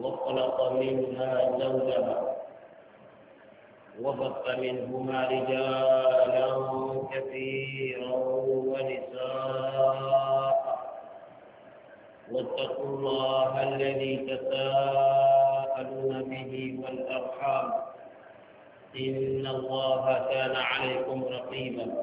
وخلق منها زوجها وبث منهما رجالا كثيرا ونساء واتقوا الله الذي تساءلون به والأرحام إن الله كان عليكم رقيبا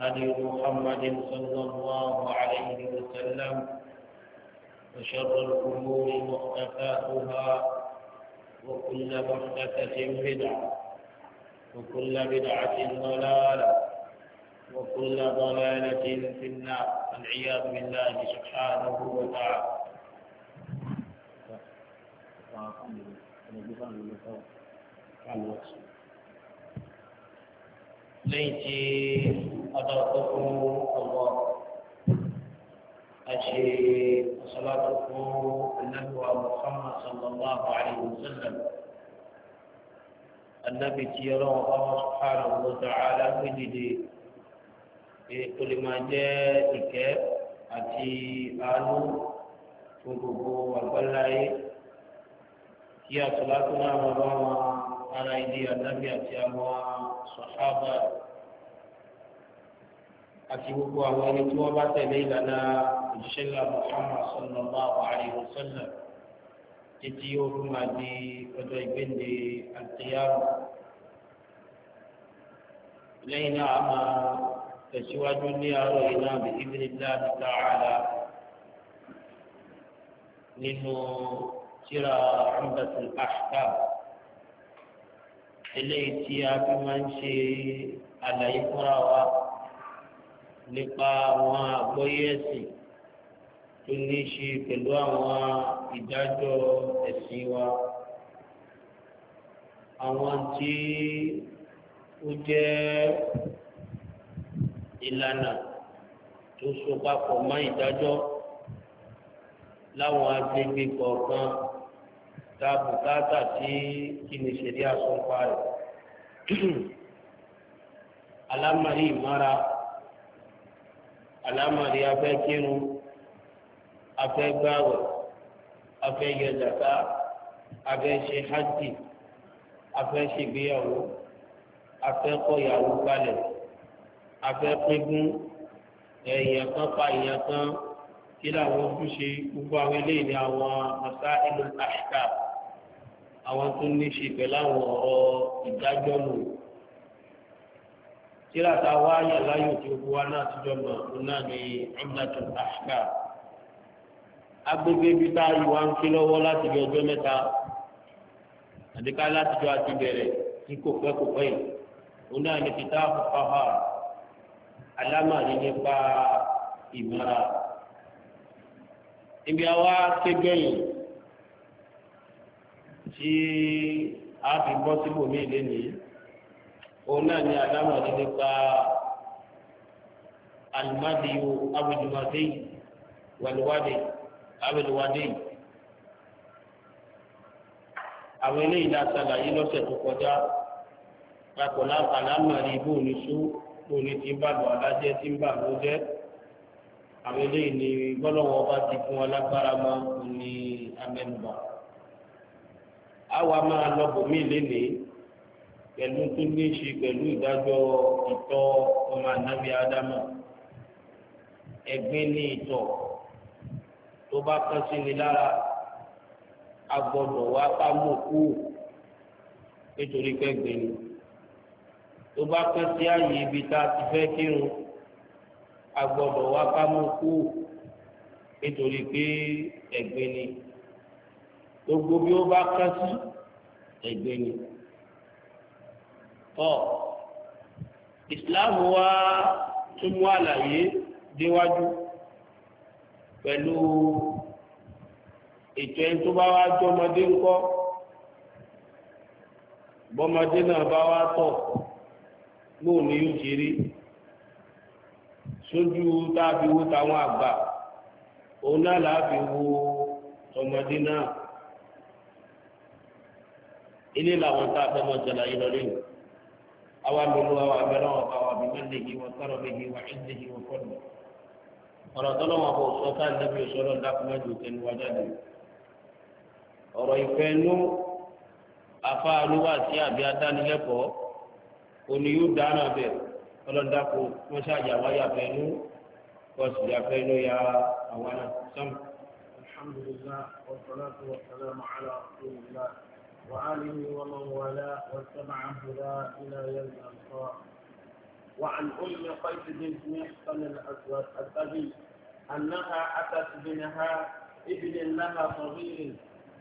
هدي محمد صلى الله عليه وسلم وشر الأمور محدثاتها وكل محدثة بدعة وكل بدعة ضلالة وكل ضلالة في النار والعياذ بالله سبحانه وتعالى Thank you. lẹ́yìn tí ọ̀dọ̀ tó fún ọ̀wọ́ àti ọ̀sọ́látò fún anábìwá Muhammad sallallahu alayhi wa sallam anábì tí ọlọ́wọ́ báwọn subhanahu wa ta'ala gbé dìde kò lè máa jẹ́ ìkẹ́ àti àánú fún gbogbo àgbáláyé kí àtúlátò náà wọ́n ara ìdí anábì àti àwọn. sọ̀hábà àti gbogbo àwọn ẹni tí wọ́n bá tẹ̀lé ìlànà òjíṣẹ́ ńlá Muhammad sallallahu alaihi wasallam títí yóò fún wa di ọjọ́ ìgbéǹde àtẹ̀yàwó. lẹ́yìn náà a máa tẹ̀síwájú ní àárọ̀ yìí náà bí bi'idhnillahi ta'ala nínú tírà Umdatul Ahkam. eléyìí tí a fi máa ń ṣe àlàyé fúnra wa nípa àwọn àgbọ́yé ẹ̀sìn tó ní í ṣe pẹ̀lú àwọn ìdájọ́ ẹ̀sìn wa àwọn tí ó jẹ́ ìlànà tó so papọ̀ mọ́ ìdájọ́ láwọn agbègbè kọ̀ọ̀kan ta bùkátà tí kí ni ṣe rí àsọpá rẹ̀ alámàrí ìmára alámàrí afẹ́kírun afẹ́gbàwẹ̀ afẹ́yẹ̀dàká afẹ́ṣe hajj afẹ́ṣègbéyàwó afẹ́kọ̀yàwó balẹ̀ afẹ́pínkún èèyàn kan pa èèyàn kan kí làwọn ojúṣe gbogbo àwọn eléyìí ni àwọn masá ìlú àṣìká àwọn tó ní ṣe pẹ̀lú àwọn ọ̀rọ̀ ìdájọ́ lò tíráta wá yà láyò tí ó wá náà tíjọ́ mọ̀ ọ́ náà ní Umdatul Ahkam agbègbè bíi tá a yìí wá ń ké lọ́wọ́ láti bí ọjọ́ mẹ́ta àdéká láti jọ àti bẹ̀rẹ̀ ní kò pẹ́ kò pẹ́ yìí ó náà ní fìtá àfọ̀fáfá alámàrí nípa ìmọ̀ra. ibi àwa ké gbẹ̀yìn tí a fi bọ́ síbò mí lénìí òun náà ni àdámọ̀dé nípa alimadiyo abidumade wàlúwàdé abidumade àwọn eléyìí la ṣàlàyé lọ́sẹ̀ tó kọjá papọ̀ alámọ̀dé bóun sún bóun ti ń bàbọ̀ alájẹ́ ti ń bàbọ̀ jẹ́ àwọn eléyìí ni bọ́lọ́wọ́ bá ti fún wọn lágbára mọ́ ní amẹ́nubà àwa máa lọ bòmí lénìí pẹ̀lú tó ní í ṣe pẹ̀lú ìdájọ́ ìtọ̀ ọmọ ànábì ádámà ẹ̀gbin ní ìtọ̀ tó bá kán sí ni lára a gbọ́dọ̀ wá ká mú kú nítorí pé gbin tó bá kán sí ààyè ibi tá a ti fẹ́ kírun a wá ká mú kú nítorí pé ẹ̀gbin ni gbogbo bí ó bá ká sí ẹgbẹ́ ni. tọ́ ìsìláàmù wa tún mú àlàyé déwájú pẹ̀lú ètò ẹni tó bá wá jọmọdé ńkọ́ bọ́mọdé náà bá wá tọ̀ lóò ní yóò ṣe rí sójú táàbí wo táwọn àgbà òun náà láàbí wo ọmọdé náà ilé làwọn tá a fẹ́ mọ̀ jẹ́la yìí lọ lẹ́yìn àwa lulu àwa abẹ́rẹ́ wọn bá wa bí mẹ́lẹ̀ yìí wọn kọ́rọ̀ bí yìí wọn ẹ̀jẹ̀ yìí wọn kọ́ni ọ̀rọ̀ tọ́lọ́ wọn kò sọ ká níbi ìṣòro dákúmẹ́jù wájà lè ọ̀rọ̀ ìfẹ́ afá alúwà sí àbí adánilẹ́kọ̀ọ́ òní yóò dáná bẹ̀ ọlọ́dàkọ̀ wọ́n ṣàjà wáyà fẹ́ nú kọ́sì وآله ومن ولا واتبع هدى إلى يوم القيامة وعن أم قيس بن محصن الأسود أنها أتت بنها ابن لها صغير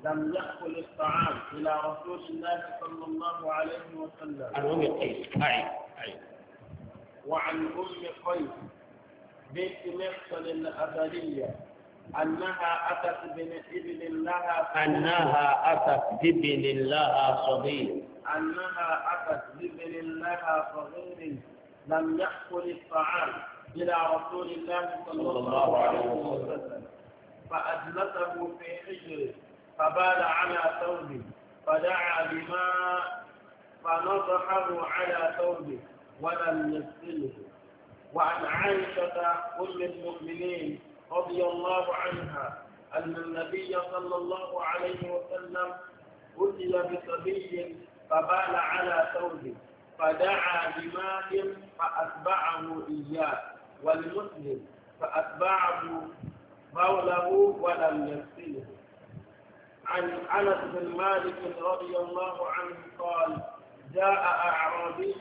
لم يأكل الطعام إلى رسول الله صلى الله عليه وسلم. عن أم قيس أي أي. وعن أم قيس بنت محصن الأبدية أنها أتت بابن لها أنها أتت بابن لها صغير أنها أتت بابن لها صغير لم يأكل الطعام إلى رسول الله صلى الله عليه وسلم فأجلسه في حجره فبال على ثوبه فدعا بماء فنضحه على ثوبه ولم يغسله وعن عائشة أم المؤمنين رضي الله عنها أن النبي صلى الله عليه وسلم أتي بصبي فبال على ثوبه فدعا بماء فأتبعه إياه والمسلم فأتبعه بوله ولم يغسله عن أنس بن مالك رضي الله عنه قال جاء أعرابي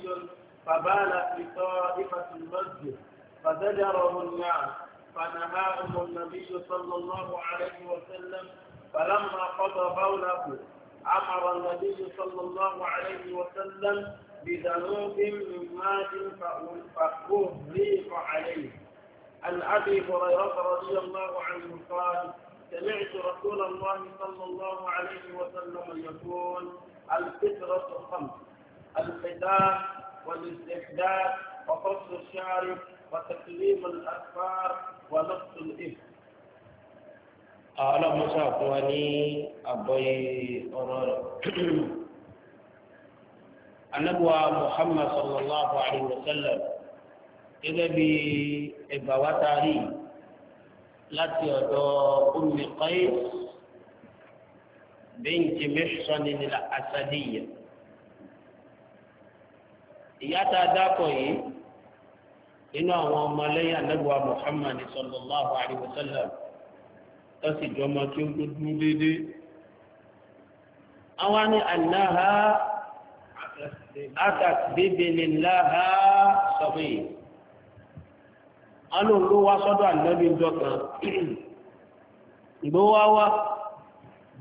فبال في طائفة المسجد فزجره الناس فنهاهم النبي صلى الله عليه وسلم فلما قضى بوله أمر النبي صلى الله عليه وسلم بذنوب من مات فأهريق عليه عن أبي هريرة رضي الله عنه قال سمعت رسول الله صلى الله عليه وسلم يقول الفطرة خمس القتال والاستحداث وقص الشعر وتكليم الأسفار wà lọ́sùn ìlú. ọlọ́mọṣà fún wa ní àgbọ́yé ọ̀rọ̀ rẹ̀. anabuwa muhammad sallallahu alayhi wa sallam gẹ́gẹ́ bí ẹgbà wa taari láti ọ̀dọ̀ ummi qais binti mihsan al-asadiyya ìyá tá a dákọ̀ yìí inú àwọn ọmọlẹ́yìn anábùwà Muhammad sallallahu alayhi wa sallam tó sì jọmọ kí ó tó dúró déédéé àwọn ni ànáhà àtàkìdébìnláhà sọ̀rọ̀ yìí alo ló wá sọ́dọ̀ ànábì ńjọ kan gbówá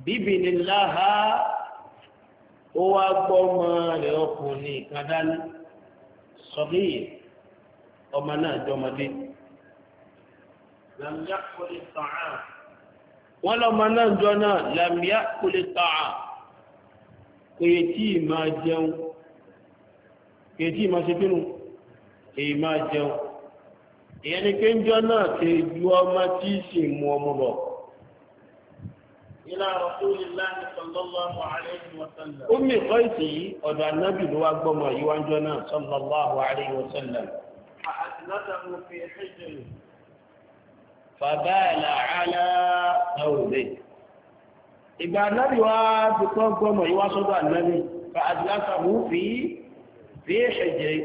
bíbí ni láha ó wá gbọ́ ọmọ rẹ̀ ọkùnrin kan dání sọ̀rọ̀ yìí ọmọ náà jọmọdé wọ́n lọ́mọ náà jọ náà làmìyá kò lè tàà kò yẹ tí ì máa jẹun kò yẹ tí ì máa ṣe bínú èyí máa jẹun ìyẹn ni pé ń jọ náà ṣe ju ọmọ tí ì sì mú ọmọ bọ̀. ilá Rasulillah sallallahu alayhi wa sallam. ó mì kọ́ نزعوا في حجره فبال على ثوبه ìgbà anábì wá dùkọ́ gbọ́mọ̀ yíwá sọ́dọ̀ anábì fa adìlásàmù fi fi ṣẹ̀jẹ̀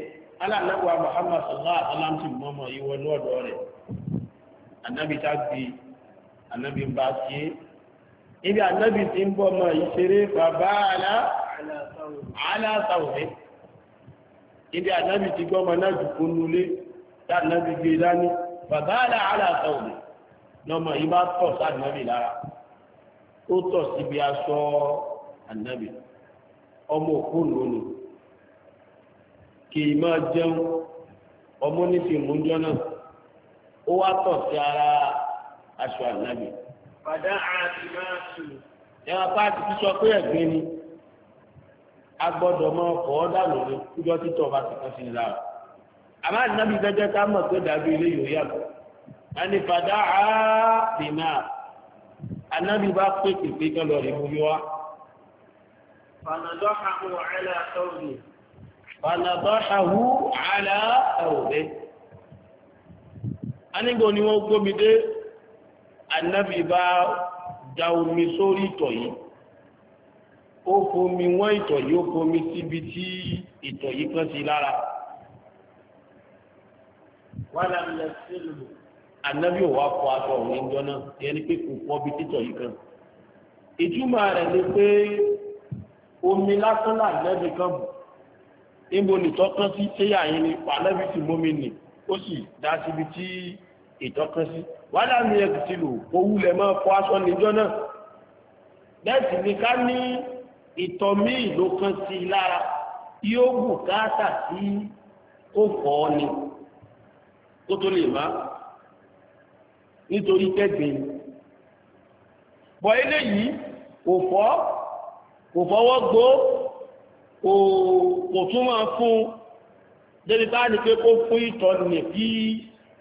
alánàbíwá Muhammad sallallahu alaihi wasallam ti mọ́mọ̀ yíwọ lọ́dọ̀ rẹ̀ anábì tá gbé anábì ń bá tiẹ́ ibi anábì ti ń bọ́mọ̀ ìṣeré bàbá àlá àlá sàwùmí ibi anábì ti gbọ́mọ̀ náà dùkú nulẹ̀ sáàdínábì gbé dání bàbá àlàáfẹ́ òní lọ́mọ yìí bá tọ̀ sáàdínábì lára ó tọ̀ síbi aṣọ ànábì ọmọ òkú lónìí kì í máa jẹun ọmọ nífi ìmúnjọ náà ó wá tọ̀ sí ara aṣọ ànábì. bàdá àti máa sùn. ẹ̀rọ pàtó ti sọ pé ẹ̀gbin ni a gbọ́dọ̀ máa fọ́ ọ́ dànù ní kújọ́ títọ̀ bá ti kàn sí i lára àmà nàbí gẹ́gẹ́ ká mọ̀ tó dàbí ilé yóò yàtọ̀ ẹni fàdá àbìmá anábì bá pè pèpè tó lọ rí múlí wá. fanadọ́ àhú àlà ọ̀rẹ́. fanadọ́ àhú àlà ọ̀rẹ́. anígbò ni wọ́n gbómi dé anábì bá da omi sórí ìtọ̀ yìí ó fomi wọ́n ìtọ̀ yìí ó fomi síbi tí ìtọ̀ yìí kan sí lára wàhálà ń lọ sílùú. ànábì ò wá fọ aṣọ òun ẹjọ́ náà yẹn ni pé kò fọ bí títọ̀ yìí kan. ìtumọ̀ rẹ̀ ni pé omi lásán là ànábì kan bù. níbo nìtọ́kán sí ṣéyà yín ni pàlẹ́bí ti mómi nì ó sì dá síbi tí ìtọ́kán sí. wàhálà ń lọ sílùú owó lẹ̀ máa fọ aṣọ níjọ́ náà. bẹ́ẹ̀ ni ká ní ìtọ̀ míì ló kan sí i lára yóò bùkátà sí kó fọ́ ni kó tó lè má nítorí kẹ́gbìn bọ̀ eléyìí kò fọ́ kò fọwọ́ gbó kò kò tún máa fún débi bá ní pé kó fún ìtọ̀ nìyẹn kí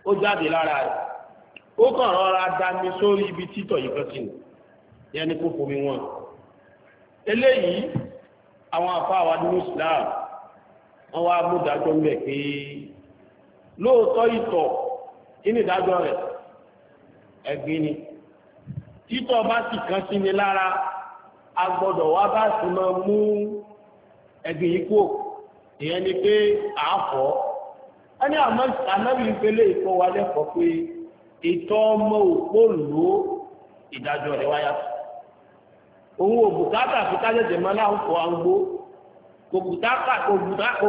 ó jáde lára rẹ̀ ó kàn rọra dami sórí ibi títọ̀ yìí kan sí ni yẹn ni kó fomi wọn eléyìí àwọn afáwa ní Islam wọn wá mú dájọ́ ń bẹ̀ pé lóòótọ́ ìtọ̀ inú ìdájọ́ rẹ̀ ẹ̀gbin ni títọ́ bá sì kan sí ni lára a gbọ́dọ̀ wá bá sì máa mú ẹ̀gbin yìí kúrò ìyẹn ni pé àáfọ́ ẹni ànábì ìpele ìfọ́ wa lẹ́kọ̀ọ́ pé ìtọ́ ọmọ òpó lò ìdájọ́ rẹ̀ wáyà òun ò bùkátà fi kájẹ̀jẹ̀ máa láwùkọ́ àgbò kò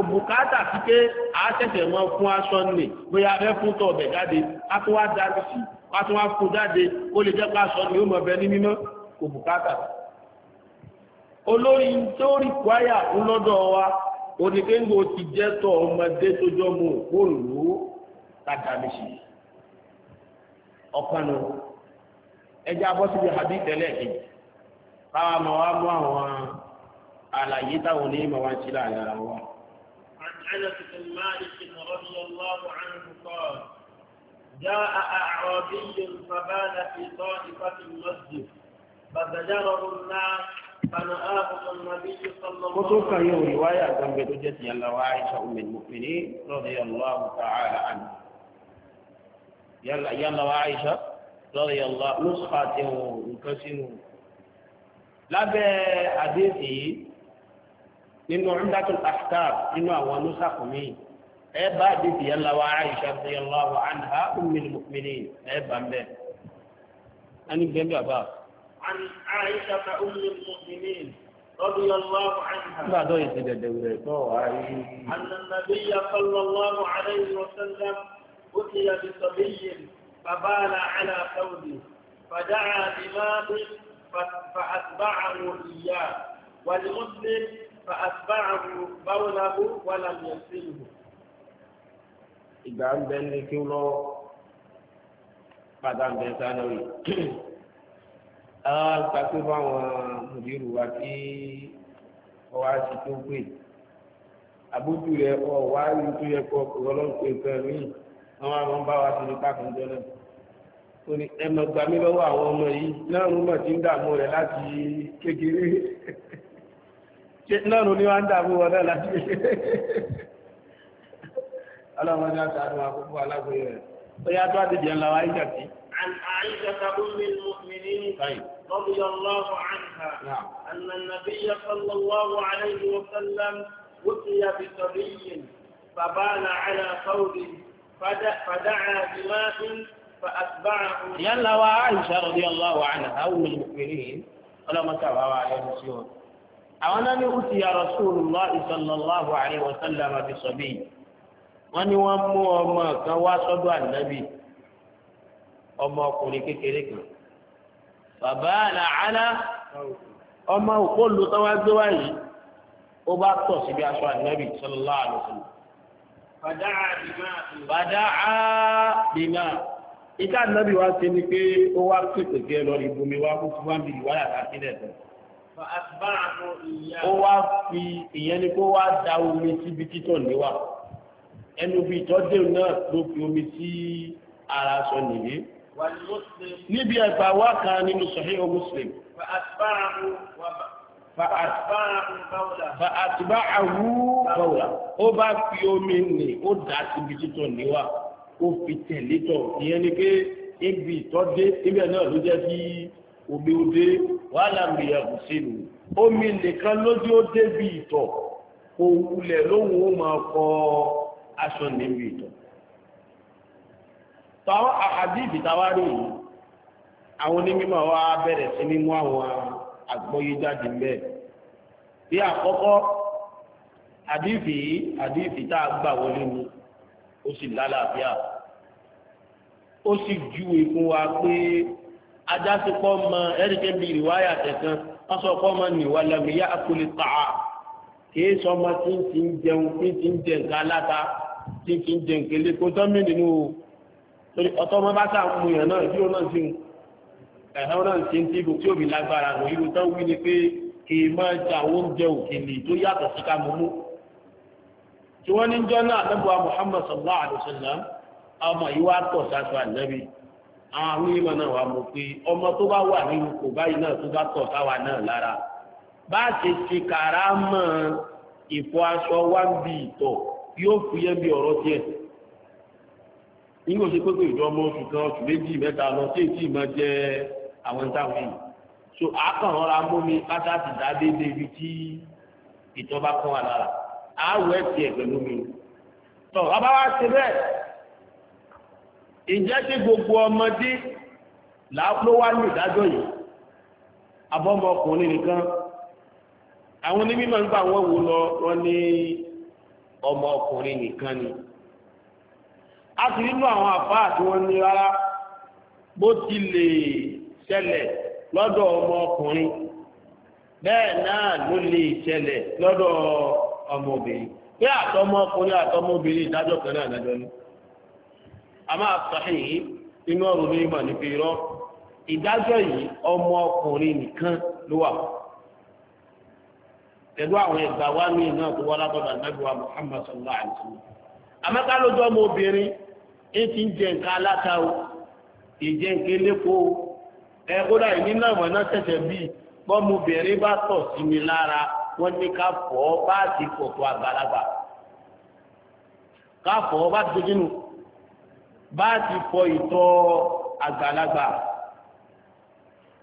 bùkátà sí pé a ṣẹ̀ṣẹ̀ mọ́ fún aṣọ nílé bóyá abẹ́ fún tọ̀ ọ̀bẹ̀ jáde a tún wá darí sí a tún wá fún jáde ó lè jẹ́ pé aṣọ ni ó mọ̀ bẹ ní mímọ́ kò bùkátà olórí tí ó rí kwaya lọ́dọ̀ wa oníkéńgbò ti jẹ́ tọ̀ ọmọdé tó jọ mú òpóòlù tàdàmìsì ọ̀kanu ẹjẹ́ abọ́síbi àbí àlàyé táwọn onímọ̀ wá ń ṣe láàrin wa. عن انس بن مالك رضي الله عنه قال جاء اعرابي فبال في طائفه المسجد فزجره الناس Mo tún kàn yóò rí wáyà gbàngbẹ tó jẹ́ tìyàn lọ́wọ́ Aisha Umar Mufini radiyallahu ta'ala anha. Yàlla wa Aisha radiyallahu nùsùkà tí wọn nǹkan sínú. Lábẹ́ àdéhùn yìí, nínú Umdatul Ahkam nínú àwọn nusakh mi ẹ bá àdìsí yẹn lọ́wọ́ Aisha radiyallahu anha ummul mu'minin ẹ bá ń bẹ́ẹ̀. ẹni bẹ́ẹ̀ bàbá. Aisha ummul mu'minin. رضي الله عنها بعد أن النبي صلى الله فدعا بماء فأتبعه إياه والمسلم fàtbáàbù báwọlábù wàlámù yẹsìlù. ìgbà ń bẹ ní kí lọ padà ń bẹ sáré rí àwọn àgbàgbé báwọn mùdírù wa kí ọwọ́ àti tó pè àbójú rẹ ọ wá rí tó yẹ kọ ọlọ́pàá ìpẹ́ mi àwọn àwọn bá wa ti ní pákó jọ náà ó ní ẹmọ gbà mí lọ́wọ́ àwọn ọmọ yìí náà rúmọ̀ ti ń dààmú rẹ̀ láti kékeré lọ́rùn ní wọ́n ń dàbò wọ́n náà láti ọlọ́run ní àtàrà àkókò alágbèrè rẹ̀ ó yá tó àdìjẹ́ ńlá wa ìjà sí. عن عائشة أم المؤمنين رضي الله عنها أن النبي صلى الله عليه وسلم وصي بصبي فبال على قوله فدعا بماء فأتبعه يلا وعائشة رضي الله عنها أم المؤمنين ولما تبعوا عليه السيوط àwọn náà ní òtí Rasulullahi sallallahu alaihi wa sallam bi sabi wọ́n ní wọ́n mú ọmọ kan wá sọ́dọ̀ ànábì ọmọ ọkùnrin kékeré kan bàbá àlàálá ọmọ òkú olùtọ́wá gbé wá yìí ó bá tọ̀ síbi aṣọ ànábì sallallahu alaihi wa bàdá á bìmá ìta ànábì wá ni pé ó wá pèpè kí ẹ lọ rí wá kó fún wá bìrì wáyà ká sílẹ̀ ó wá fi ìyẹn ni kó wá da omi síbi títọ̀ níwà ẹnu bí ìtọ́jú náà ló fi omi sí ara sọ nìyí níbi ẹgbà wá kan nínú Sahih Muslim fa'atba'ahu bawla ó bá fi omi nì ó dà síbi títọ̀ níwà ó fi tẹ̀lé tọ̀ ìyẹn ni pé ibi ìtọ́jú ibẹ̀ náà ló jẹ́ kí omi ó dé wàhálà mi yàgò sílù omi nìkan lójú ó débi ìtọ̀ òwúlẹ̀ lóhùn ó máa kọ aṣọ níbi ìtọ̀ tàwọn àhàdìbì táwa rí yìí àwọn onímọ̀ wa bẹ̀rẹ̀ sí ní mú àwọn àgbọ́yé jáde bẹ́ẹ̀ bí àkọ́kọ́ àdìbì àdìbì tá a gbà wọlé ni ó sì lálàáfíà ó sì júwe fún wa pé ajásepọ̀ mọ ẹ̀ríkẹ́ bíi ìwáyà tẹ̀kan wọ́n sọ pọ́ mọ nìwà lẹ́mìíyá akólé tàà kìí sọ ọmọ tí ń ti ń jẹun tí ń ti ń jẹ nǹkan aláta tí ń ti ń jẹ nǹkan ilé kó tọ́ mí nínú o torí ọ̀tọ́ ọmọ bá sà ń mu yàn náà ìdúró náà sí ẹ̀hán náà sí ti ibò tí òbí lágbára nù irú tán wí ni pé kìí máa jẹ àwọn oúnjẹ òkèlè tó yàtọ̀ sí ká mú mú tí wọ́n ní jọ́ náà lẹ́bùwá Muhammad sallallahu sallam ọmọ yìí wá tọ̀ sáṣọ àwọn onímọ̀ náà wà mọ̀ pé ọmọ tó bá wà nínú kò báyìí náà tó bá tọ̀ sáwa náà lára bá ṣe ṣe kàrá mọ́ ìfọ aṣọ wá ń bi ìtọ̀ yóò fi yẹ́ bí ọ̀rọ̀ tiẹ̀ nígbà tó ṣe pé ìjọ ọmọ oṣù kan oṣù méjì mẹ́ta lọ sí èyí tí ì máa jẹ àwọn táwọn yìí so àákàn ọ̀rọ̀ amómi pátá ti dá déédéé ibi tí ìtọ̀ bá wà lára àáwọ̀ ẹ̀ tiẹ̀ pẹ̀lú mi tọ́ bàbá wa ṣe bẹ́ẹ̀ ìjẹ́ tí gbogbo ọmọdé ló wá ní ìdájọ́ yìí abọ́mọkùnrin nìkan àwọn onímọ̀ nípa àwọn wo lọ wọn ní ọmọkùnrin nìkan ni a sì nínú àwọn àfáà tí wọ́n ní rárá bó ti lè ṣẹlẹ̀ lọ́dọ̀ ọmọkùnrin bẹ́ẹ̀ náà ló lè ṣẹlẹ̀ lọ́dọ̀ ọmọbìnrin pé àtọmọkùnrin àtọmọbìnrin ìdájọ́ kan náà dájọ́ ni àmọ́ àtàhìn yìí inú ọ̀rọ̀ ló yíma ní fi rọ́ ìdájọ́ yìí ọmọ ọkùnrin nìkan ló wà pẹ̀lú àwọn ìgbà wá ní iná tó wọ́n lábọ́dà nàbíwá Muhammad sallallahu alaihi wasallam àmọ́ká lójú ọmọ obìnrin ń ti ń jẹ nǹkan aláta o ìjẹ nǹkan elépo o ká fọ́ bá ti bá a ti fọ ìtọ̀ àgbàlagbà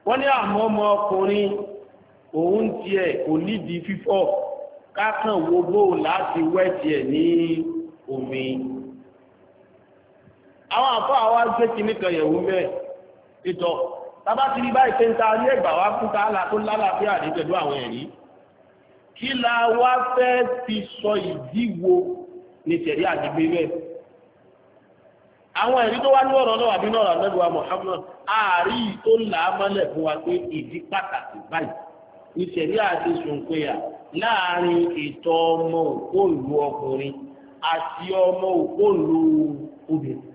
wọ́n ní àmọ́ ọmọ ọkùnrin òun tiẹ̀ kò nídìí fífọ̀ kákan wo bóun láti wẹ̀ tiẹ̀ ní omi àwọn àfọ àwa gbé kinní kan yẹ̀wò mẹ́ẹ̀ ìtọ̀ tàbá ti rí báyìí pé ní ẹgbà wá fún tààlà tó lálàáfíà ní pẹ̀lú àwọn ẹ̀rí kí la wá fẹ́ fi sọ ìdíwo ní tẹ̀lé àdìgbé rẹ̀ àwọn ẹ̀rí tó wá ní ọ̀rọ̀ náà àbí náà lọ́dọ̀ wa Muhammad ààrí tó là á mọ́lẹ̀ fún wa pé ìdí pàtàkì báyìí ìṣẹ̀lẹ̀ àti sùnpéyà láàrin ètò ọmọ òkòlù ọkùnrin àti ọmọ òkòlù obìnrin.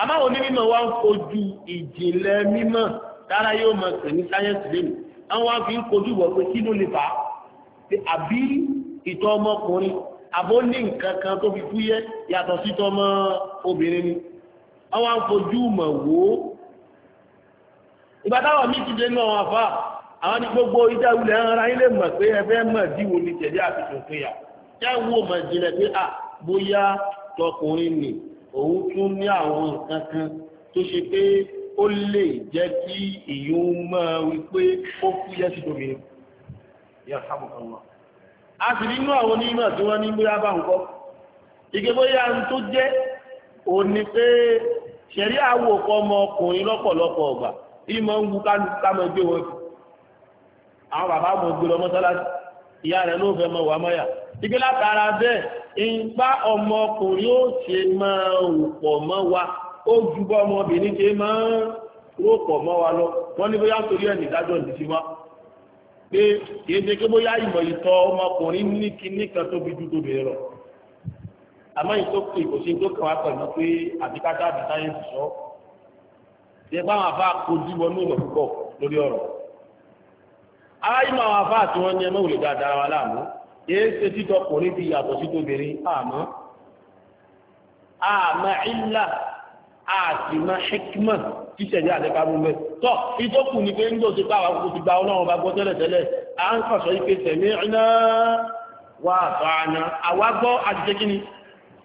àmọ́ àwọn onímọ̀ wa ń kojú ìjìnlẹ̀ mímọ̀ dára yóò mọ̀ pẹ̀ ní sáyẹ́ǹsì lẹ́nu àwọn wa fi ń kojú wọ̀ pé kí ló lè fà á àbí ìtọ́ ọmọkùnrin àwọn afojú mọ̀ wò ó ìbátáwọ̀ mi ti dé náà wọn fà àwọn ní gbogbo ìjà ìwúlẹ̀ ń ra ilé mọ̀ pé ẹgbẹ́ mọ̀ díwo ni tẹ̀lé àfihàn pé yà já wo mọ̀ ìjìnlẹ̀ pé à bóyá tọkùnrin nì òun tún ní àwọn nǹkan kan tó ṣe pé ó lè jẹ́ kí ìyún mọ́ wípé ó kú yẹ́ sí tóbi a sì nínú àwọn onímọ̀ tí wọ́n ní bóyá bá ń kọ́ ìgbébóyá tó jẹ́ òní pé ṣẹ̀rí àwò ọkọ ọmọkùnrin lọ́pọ̀lọpọ̀ ọgbà ìmọ̀ ń wu kámọ gbé wọn fi àwọn bàbá mọ̀ gbé lọ mọ́sálásí ìyá rẹ̀ ló fẹ́ mọ wà mọ́yà ibi látara bẹ́ẹ̀ ìgbà ọmọkùnrin ó ṣe máa rò pọ̀ mọ́ wa ó ju bọ́ ọmọbìnrin ṣe máa rò pọ̀ mọ́ wa lọ wọ́n ní bóyá torí ẹ̀ nìdájọ́ ní sí wa pé kì í ṣe pé ìmọ̀ ìtọ́ ọmọkùnrin ní kinní kan tóbi ju tóbi rẹ̀ àmọ́ yìí tó kù ìkòsí tó kàn wá pẹ̀lú pé àbíkájá àbí sáyẹ́ǹsì sọ ṣe báwọn afá kojú wọnú ìmọ̀ púpọ̀ lórí ọ̀rọ̀ aráyìmọ̀ àwọn afá àti wọn ní ẹmọ́ òlè dáadáa wa láàmú èé ṣe títọ́ kò ní ti yàtọ̀ sí tóbìnrin àmọ́ àmọ́ ìlà àti mọ hekima tíṣẹ̀lẹ̀ àlẹ́ká mú mẹ́ tọ́ ìtọ́kù ni pé ń jò sí pàwọn kò ti gba ọlọ́run bá gbọ́ tẹ́lẹ̀tẹ́lẹ̀ à ń kọ̀ṣọ́ ipe tẹ̀mí iná wà àtọ̀ àná àwa gbọ́ àti jẹ́ kíni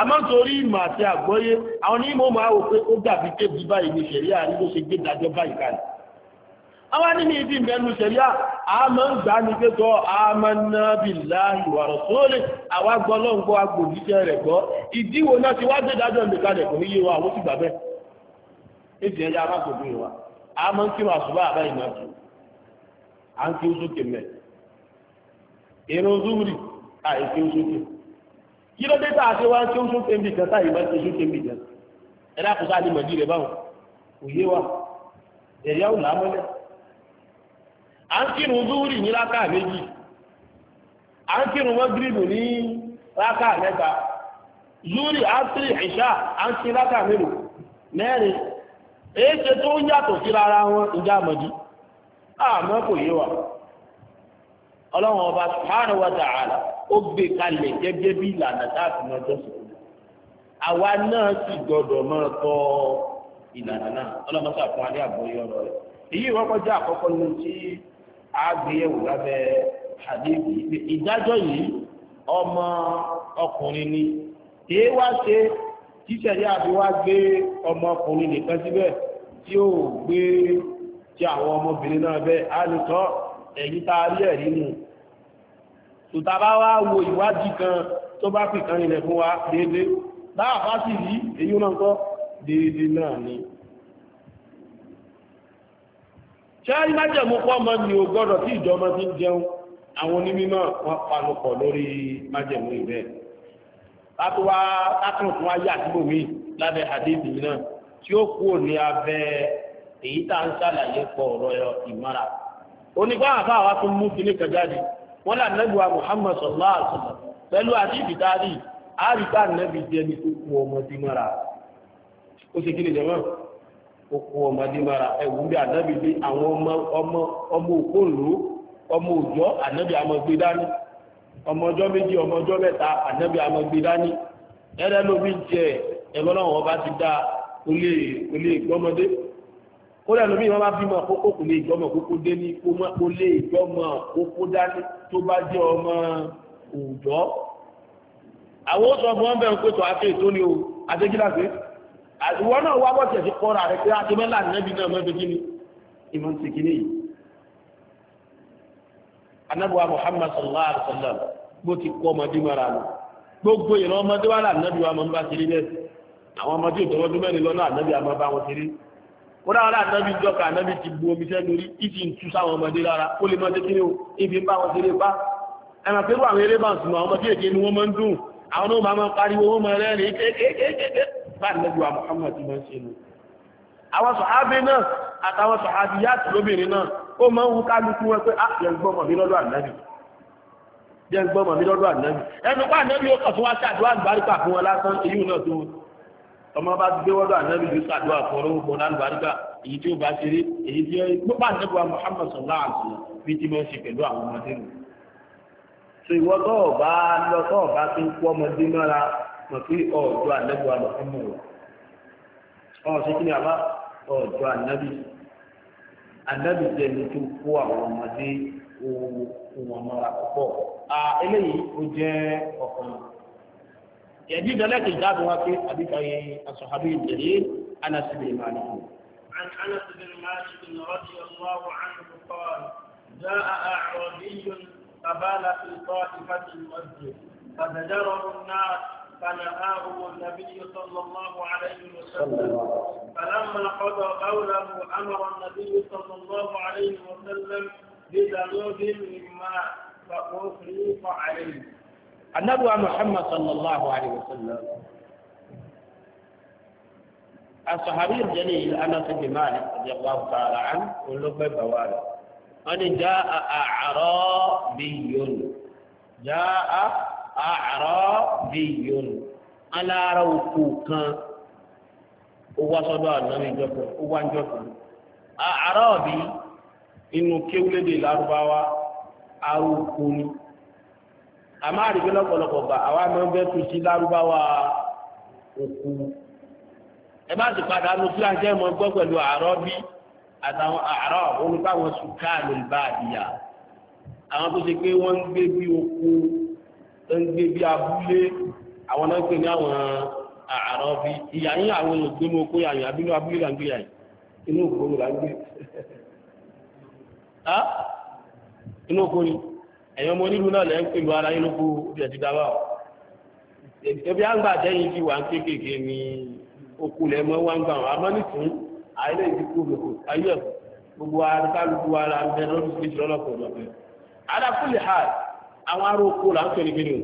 àmọ́ nítorí ìmọ̀ àti àgbọ́yé àwọn onímọ̀ máa wò pé ó dàbí kébí báyìí ní ṣẹ̀ríà ní ló ṣe gbé dájọ́ báyìí kalẹ̀ àwọn nínú ibi ìmẹ́nu ṣẹ̀ríà àmọ́ ń gbà ní pé tọ́ amanna billahi wa rasulih àwọn agbọ́lọ́ngbọ́ agbòjíṣẹ́ rẹ̀ gbọ́ ìdíwò àwọn sì kí ló dé tàà ṣe wá tí ó sún pé nbì kan táyì máa ṣe sún pé nbì kan ẹ dákun sáà ní mọ̀dí rẹ̀ báwọn òye wa ẹ̀yà ò lámọ́lẹ̀ à ń kírun zúúrì ní rákà méjì à ń kírun mọ́gírìbù ní rákà mẹ́ta zúúrì àṣírí ìṣá à ń kí rákà mélòó mẹ́rin èyí ṣe tó ń yàtọ̀ sí rárá wọn ìjà mọ̀dí àmọ́ kò yé wa ọlọ́run ọba subhanahu wa ta'ala ó gbé kalẹ̀ gẹ́gẹ́ bí ìlànà táàfin náà jọ́sìn àwa náà sì gbọdọ̀ máa tọ́ ìlànà náà ọlọ́run sọ fún alẹ́ àbúrò ọ̀rọ̀ rẹ̀ èyí wọ́n kọjá àkọ́kọ́ ní ti àgbéyẹ̀wò lábẹ́ àdébì ìdájọ́ yìí ọmọ ọkùnrin ni èé wá ṣe tíṣẹ̀rí àbí wá gbé ọmọ ọkùnrin nìkan síbẹ̀ tí ó gbé ti àwọn ọmọbìnrin náà bẹ́ẹ̀ á lè tọ́ ẹ̀yí tá a rí ẹ̀rí mú tòtà bá wá wo ìwádìí kan tó bá fi kan ilẹ̀ fún wa déédéé báà bá sì rí èyí náà kọ́ déédéé náà ni ṣẹ́rí májẹ̀mú pọ́mọ ni ò gbọ́dọ̀ tí ìjọmọ ti ń jẹun àwọn onímọ̀ wọn panupọ̀ lórí májẹ̀mú ìbẹ́ láti wá látún fún ayé àdúgbò mi lábẹ́ àdébì náà tí ó kúrò ní abẹ́ èyí tá ń ṣàlàyé pọ̀ ọ̀rọ̀ ìmára onígbà àbá wa tún mú kíní kan jáde wọ́n là nẹ́gbà Muhammad sallallahu alaihi wasallam pẹ̀lú àti ìbítárì àríkà nẹ́bí jẹ́ ní kókó ọmọdé mọ́ra ó ṣe kíni jẹ́mọ́ kókó ọmọdé mọ́ra ẹ̀wù bí ọmọ ọmọ òjọ́ ànábì àmọ́ dání ọmọ méjì ọmọ mẹ́ta dání ẹ̀rẹ́ ẹ̀rọ náà bá kódà lómi ìwọ́n bá bímọ àkókò kò lè jọmọ àkókò dé ní kó lè jọmọ àkókò dání tó bá jẹ́ ọmọ òòjọ́ àwọn oṣù ọgbọ̀n bẹ̀rù pé tó àti ètò ni o àtẹ́gíláṣe ìwọ náà wá bọ́ tẹ̀sí kọ́ra rẹ̀ pé àti mẹ́lá nẹ́bí náà mẹ́bí kí ni ìmọ̀ ti kí ni yìí anábùwà Muhammad sallallahu alaihi wa sallam bó ti kọ́ ọmọdé mara lọ gbogbo ìran ọmọdé wà lànàbí wa máa ń bá kiri bẹ́ẹ̀ àwọn ọmọdé òtọ́wọ́dún mẹ́rin lọ́nà kódà wọn ànábi jọka ànábi ti bu omi sẹ́nu rí ìtì ń tú sáwọn ọmọdé lára ó lè máa dékìní o ibi ń bá wọn ṣeré pa ẹ̀mà pẹ̀lú àwọn eré bá ń sùn àwọn ọmọdé èké ni wọ́n máa ń dùn àwọn náà máa pariwo wọ́n máa rẹ́rìn kékékékéké Muhammad ti máa ń ṣe nù. àwọn sàhábé náà àtàwọn sàhábí yàtọ̀ lóbìnrin náà ó máa ń wú kálukú wọn pé yẹn ah, gbọ́mọ̀ mi lọ́dọ̀ ànábi yẹn gbọ́mọ̀ mi lọ́dọ̀ ànábi ọmọ bá gbé wọ́dọ̀ ànábì yóò ṣàdúrà fọ́rọ́ gbọ́ lálùbáríkà èyí tí ó bá ṣeré èyí tí ó gbọ́pá ànábì wa Muhammad sallallahu alaihi wasallam bí tí wọ́n ṣe pẹ̀lú àwọn ọmọdé rẹ̀. so ìwọ tó o bá lọ tó o bá tó ń kú ọmọdé mọ́ra mọ̀ pé ọ̀dọ́ ànábì wa Muhammad ọ̀ ṣe kí ni àbá ọ̀dọ́ ànábì ànábì jẹ́ ẹni tó kó àwọn ọmọdé ohun ọmọ يزيد لك الجاب وفي حديث الصحابي الجليل أنس بن مالك عن أنس بن مالك رضي الله عنه قال جاء أعرابي فبال في طائفة المسجد فزجره الناس فنهاه النبي صلى الله عليه وسلم فلما قضى قوله أمر النبي صلى الله عليه وسلم بذنوب من ماء فأفريق عليه anábùwà muhammad sallallahu alayhi wa sallam asọ̀hábí ìjẹ́lẹ̀ yìí anáṣẹ́ bí máa ní ọjọ́ báwọ̀ tààrà án olóògbé bàwá rẹ̀ wọ́n ni já àárọ̀ bí yónù já àárọ̀ bí kan ó wá sọ́dọ̀ àdánù ìjọpọ̀ ó wá ń jọpọ̀ àárọ̀ bí inú kéwúlédè lárúbáwá arúgbó ni àmọ́ àdìgbé lọ́pọ̀lọpọ̀ gbà àwa máa ń bẹ́ tu sí lárúbáwá òkú ẹ bá sì padà nu tí àjẹ́ mọ gbọ́ pẹ̀lú àárọ̀ bí àtàwọn àárọ̀ oníkàwọn sùkáàlù bá àdìyà àwọn tó ṣe pé wọ́n ń gbé bí oko ń gbé bí abúlé àwọn náà ń pè ní àwọn àárọ̀ bí ìyá yín àwọn ògbénu oko yàyàn abínú abúlé là ń gbé yàyàn inú ògbóni là ń gbé inú ògbóni ẹ̀yin ọmọ onílù náà lẹ́ ń pèlú ara yín lóko bí ẹ̀ ti dá báwọ̀ ẹbí àgbà àtẹ́yìn ti wà ń kéékèèké ní okù lẹ́ mọ́ wá ń gbà wọn àmọ́ nìtún àìlè ti kú lóko ayé gbogbo alukálukú ara ń bẹ lọ́dún sí ìṣúná lọ́kọ̀ lọ́kọ̀ adákùnlé ha àwọn ará oko là ń pè ní kíni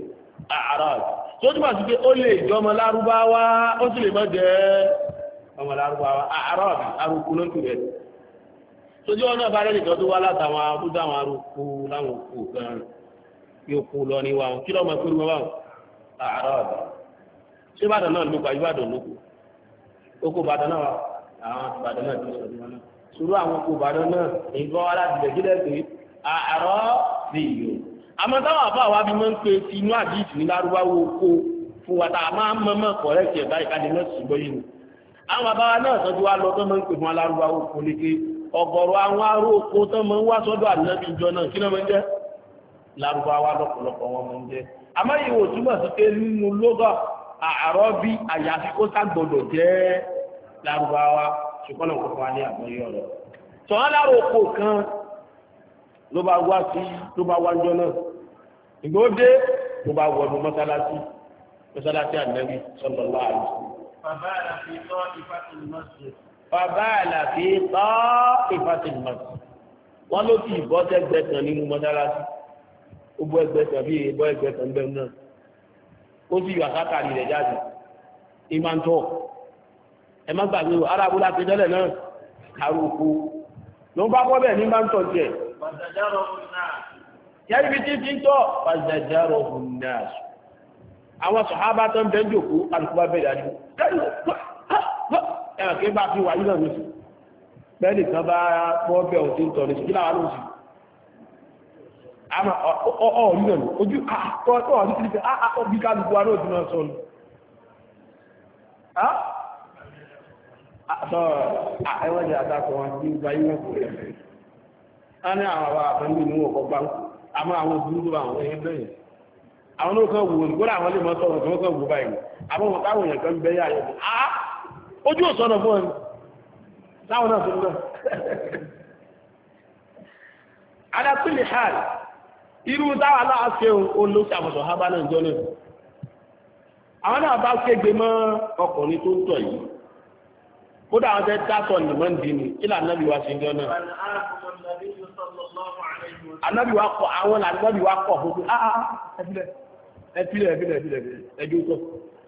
àárọ̀ tó túmọ̀ sí pé ó lè jọ lárúbáwá ó sì lè má jẹ́ ọmọ lárúbáwá àárọ̀ àrùkù ló ń tù sójú ọ̀nà bá rẹ̀ nìkan tó wá látàwọn abúdá àwọn arúgbó láwọn òkú kan yóò kú lọ ní wa kí lọ́mọ pé wọ́n báwọn àárọ̀ ọ̀dọ̀ ṣé bàtà náà ló pa ìbàdàn lóko oko bàtà náà àwọn ìbàdàn náà ti sọ̀rọ̀ wọn náà sọ̀rọ̀ àwọn oko bàtàn náà ìbọn wa láti bẹ̀ jílẹ̀ pé àárọ̀ sí ìyó àmọ́ táwọn àbá wa bí wọ́n ń pe ti inú àdìsí ní lárúbáwò oko fún wa tá a máa ń mọ́mọ́ kọ̀rẹ́tì ẹ̀ báyìí ká ọ̀gọ̀rọ̀ àwọn arú oko tó máa ń wá sọ́dọ̀ ànábì ìjọ náà kí ló máa ń jẹ́ lárúbáwá lọ́pọ̀lọpọ̀ wọn máa ń jẹ́ àmọ́ ìwò túmọ̀ sí pé nínú lógọ̀ àárọ̀ bí àyàfi kó ságbọ̀dọ̀ jẹ́ lárúbáwá ṣùgbọ́n náà kò fún wa ní àgbọ̀yé ọ̀rọ̀ sọ̀rọ̀ lárú oko kan ló bá wá sí ló bá wá jọ náà ìgbó dé ló bá wọnú mọ́sálásí mọ́sálásí ànábì sọ́dọ̀ láàrín. bàbá àti ìtọ́ ìfàkùn bàbá àlàfi tọ́ ìfàsìmọ̀tì wọ́n ló fi ìbọ́ tẹ́gbẹ̀tàn nínú mọ́sálásí ó bọ́ ẹgbẹ̀tàn bí ìbọ́ ẹgbẹ̀tàn bẹ́ẹ̀ náà ó sì yọ àkàkàrí rẹ̀ jáde ìmàntọ́ ẹ má gbàgbé o arábó láti tẹ́lẹ̀ náà kàrò oko ló ń bá bọ́ bẹ́ẹ̀ ní ìmàntọ́ tiẹ̀. yẹ́rì bí títí ń tọ́ pàṣẹjáró hùn náà àwọn sọ̀hábà tó ń bẹ́ẹ̀ jòkó alùpùpù abẹ́rẹ́ àdúgbò ẹ̀kẹ́ bá fi wà yí náà lóṣù bẹ́ẹ̀lì kan bá fọ́ bẹ́ ò tí ń tọ̀rọ̀ sí láàárọ̀ lóṣù àmà ọ̀ọ̀rí náà ní àwọn àwọn àwọn òbúrú àwọn ẹ̀yẹ bẹ́yìn àwọn olóòkọ̀ mọ́ sọ̀rọ̀ tí wọ́n kọ̀ wò báyìí àwọn òkàwọn èèyàn kan bẹ́yà yẹn ojú òsọ̀nà fún ẹni láwọn náà tún náà alákùnlé hàn irú táwà náà ṣe òun ló ṣàbọ̀sọ̀ hábá náà jọ lẹ́nu àwọn náà bá kégbé mọ́ ọkùnrin tó ń tọ̀ yìí kódà àwọn tẹ́ dátọ̀ nìmọ́ ń dìní ilà nábì wa ṣe jọ náà anábì wa kọ̀ àwọn anábì wa kọ̀ fún ah, ah, ah, ẹfilẹ̀ ẹfilẹ̀ ẹfilẹ̀ ẹjọ́ tọ̀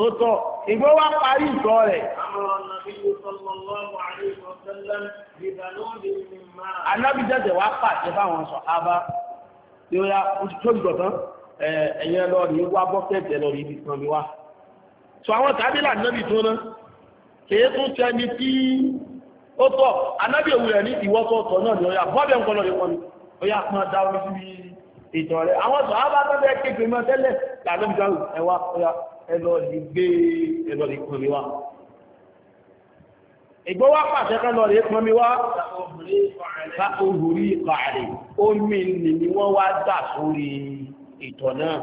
tó tọ̀ ìgbó wá parí ìtọ̀ rẹ̀. anábì jẹ́jẹ̀ wá pàṣẹ fáwọn sọ̀hábá tí ó yá oṣù tó dùgbọ̀ tán ẹ̀yẹn lọ rí wá bọ́kẹ́tì ẹ̀ lọ rí ibi kan mi wá. sọ àwọn tábìlà nábì tó ná kìí tún sẹni tí ó tọ̀ anábì òwúrẹ̀ ní ìwọ́sọ̀ọ̀tọ̀ náà ni ó yá bọ́ọ̀bẹ̀ ń kọ́ lọ́ọ́ ìtàn rẹ̀ àwọn sọ ábá tó bẹ́ẹ̀ kéèké mọ́ tẹ́lẹ̀ làdọ́m gbàù ẹwà ọ̀yà ẹlọ lè gbé ẹlọ lè pọ̀n mi wá. ìgbó wá pàṣẹ kan lọ lè pọ̀n mi wá bá òhùrí kààrẹ̀ omi nì ni wọ́n wá dà sórí ìtàn náà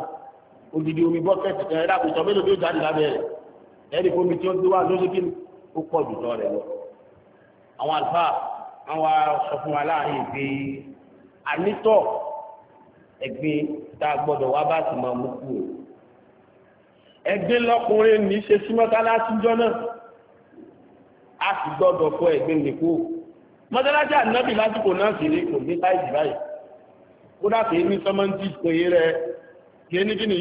odidi omi bọ́kẹ́tì kan ẹ̀dá kò sọ mélòó tó jáde lábẹ́ rẹ̀ ẹ̀rí fún mi tí ó gbé wá lóṣù kí ó pọ̀ jù lọ rẹ̀ lọ. àwọn àlùfáà àwọn sọ fún wa láàrin ìgbé anítọ̀ ẹgbẹ́ tá a gbọ́dọ̀ wá bá sì máa mú kú o ẹgbẹ́ lọ́kùnrin ní ṣe sí mọ́sálásí jọ náà a sì gbọ́dọ̀ fọ ẹgbẹ́ nìkú mọ́sálásí ànábì lásìkò náà sì rí kò ní táìsì báyìí kódà kì í ní sọmọ́ntì pé rẹ kì ní kíni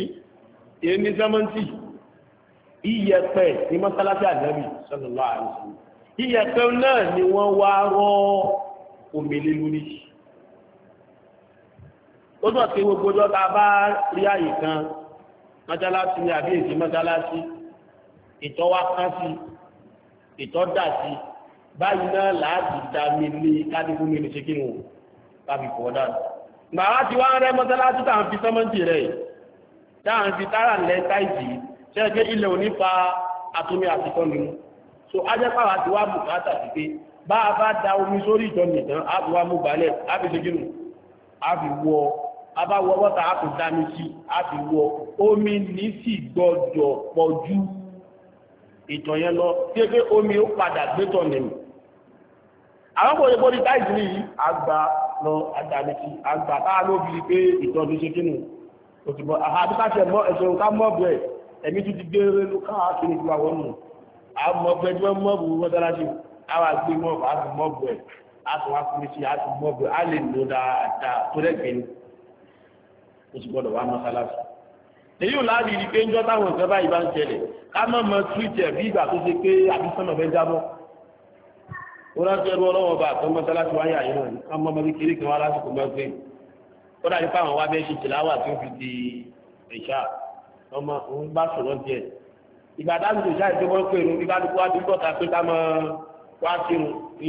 kì ní sọmọ́ntì iyẹ̀pẹ̀ ní mọ́sálásí ànábì sallallahu alaihi wasallam iyẹ̀pẹ̀ náà ni wọ́n wá rọ omi lé lórí ó dùn kí gbogbo ọjọ́ tá a bá rí àyè kan mọ́sálásí àbí èsì mọ́sálásí ìtọ́ wa kán sí ìtọ́ dà sí báyìí náà láti dá mi lé kádìkú mi lè ṣe kí n wò láti fọ́ dáadáa. gbàrá ti wá ń rẹ́ mọ́sálásí tá ń fi sọ́mọ́ǹtì rẹ̀ yìí ń fi tààrà lẹ́ táìsì ṣe é pé ilẹ̀ ò fa àtúnmí àtìkọ́ mi mú. so ajẹ́pàwà ti wá bùkátà sí pé bá a bá da omi sórí ìjọ nìkan á ti wá mú balẹ̀ á fi ṣe kí n á fi wọ́ ọ abáwọ wọ́ta á fi dání sí á fi wọ omi ní sì gbọ́dọ̀ pọ̀ ju ìtọ̀ yẹn lọ tí pé omi ó padà gbétọ̀ nìyí àwọn kò lè bọ́dí táìsì ní yìí àgbà lọ àdàlẹ̀ sí àgbà táà ló fi pé ìtọ̀ ti ṣe kínú òtùbọ̀ àbíkáṣẹ mọ́ ẹ̀ṣẹ̀ ká mọ́ bẹ̀ ẹ̀mí tún ti gbé rẹ́lú káàkiri ju àwọn nù àmọ́ bẹ́ẹ̀ tí wọ́n mọ́ bù wọ́n dára sí àwọn àgbé mọ́ bù àti mọ́ bù ẹ̀ àti wọ́n á fi sí àti mọ́ bù ẹ̀ á lè lò dáadáa tó rẹ̀ gbẹ̀yìn ó sì gbọ́dọ̀ wá mọ́sálásí èyí ò láàbì rí pé njọ́ táwọn nǹkan báyìí bá ń ṣẹlẹ̀ ká má mọ túwìtì ẹ̀ bí ìgbà tó ṣe pé àbísọ́nà fẹ́ jábọ́ ó rántí ẹrú ọlọ́wọ́ bá àtọ́ mọ́sálásí wáyé àyè náà ká mọ́ ọmọ kékeré kan wá lásìkò máa gbé ó dájú pé àwọn wá bẹ́ẹ̀ ṣe tìláwà tó fi di ìṣá ọmọ òun bá sọ̀rọ̀ díẹ̀ ìgbà dáhùn tó ṣáà ìjọba pé irun bí kálukú wá dúpọ̀ ta pé ká mọ wá sírun ni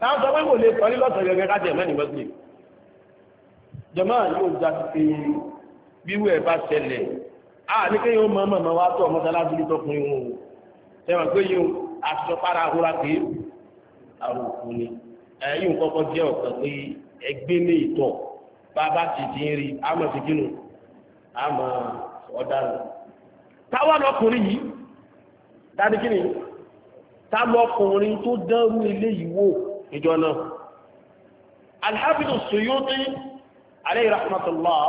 táwọn sọ pé kò lè sọ nílọ́sọ̀ gẹ́gẹ́ ká tẹ̀ mẹ́rin mọ́sílẹ̀ jọmọ́ yóò já sí pé wíwú ẹ̀ bá ṣẹlẹ̀ a ní kí yóò mọ mọ̀mọ́ wá tọ̀ mọ́sálásí ní tọkùnrin wọn o tẹ̀wọ̀n pé yóò aṣọ para ahóra pé àròkù ni ẹ̀yìn kọ́kọ́ jẹ́ ọ̀kan pé ẹgbẹ́ ní ìtọ̀ bàbá ti ti ń rí àmọ́ ti kínú àmọ́ ọ̀daràn táwọn ọkùnrin yìí dáadé kí ni táwọn ọkùnrin tó dánrú eléyìí wò níjọ́ náà alḥafidu suyuti aleyhi rahmatulah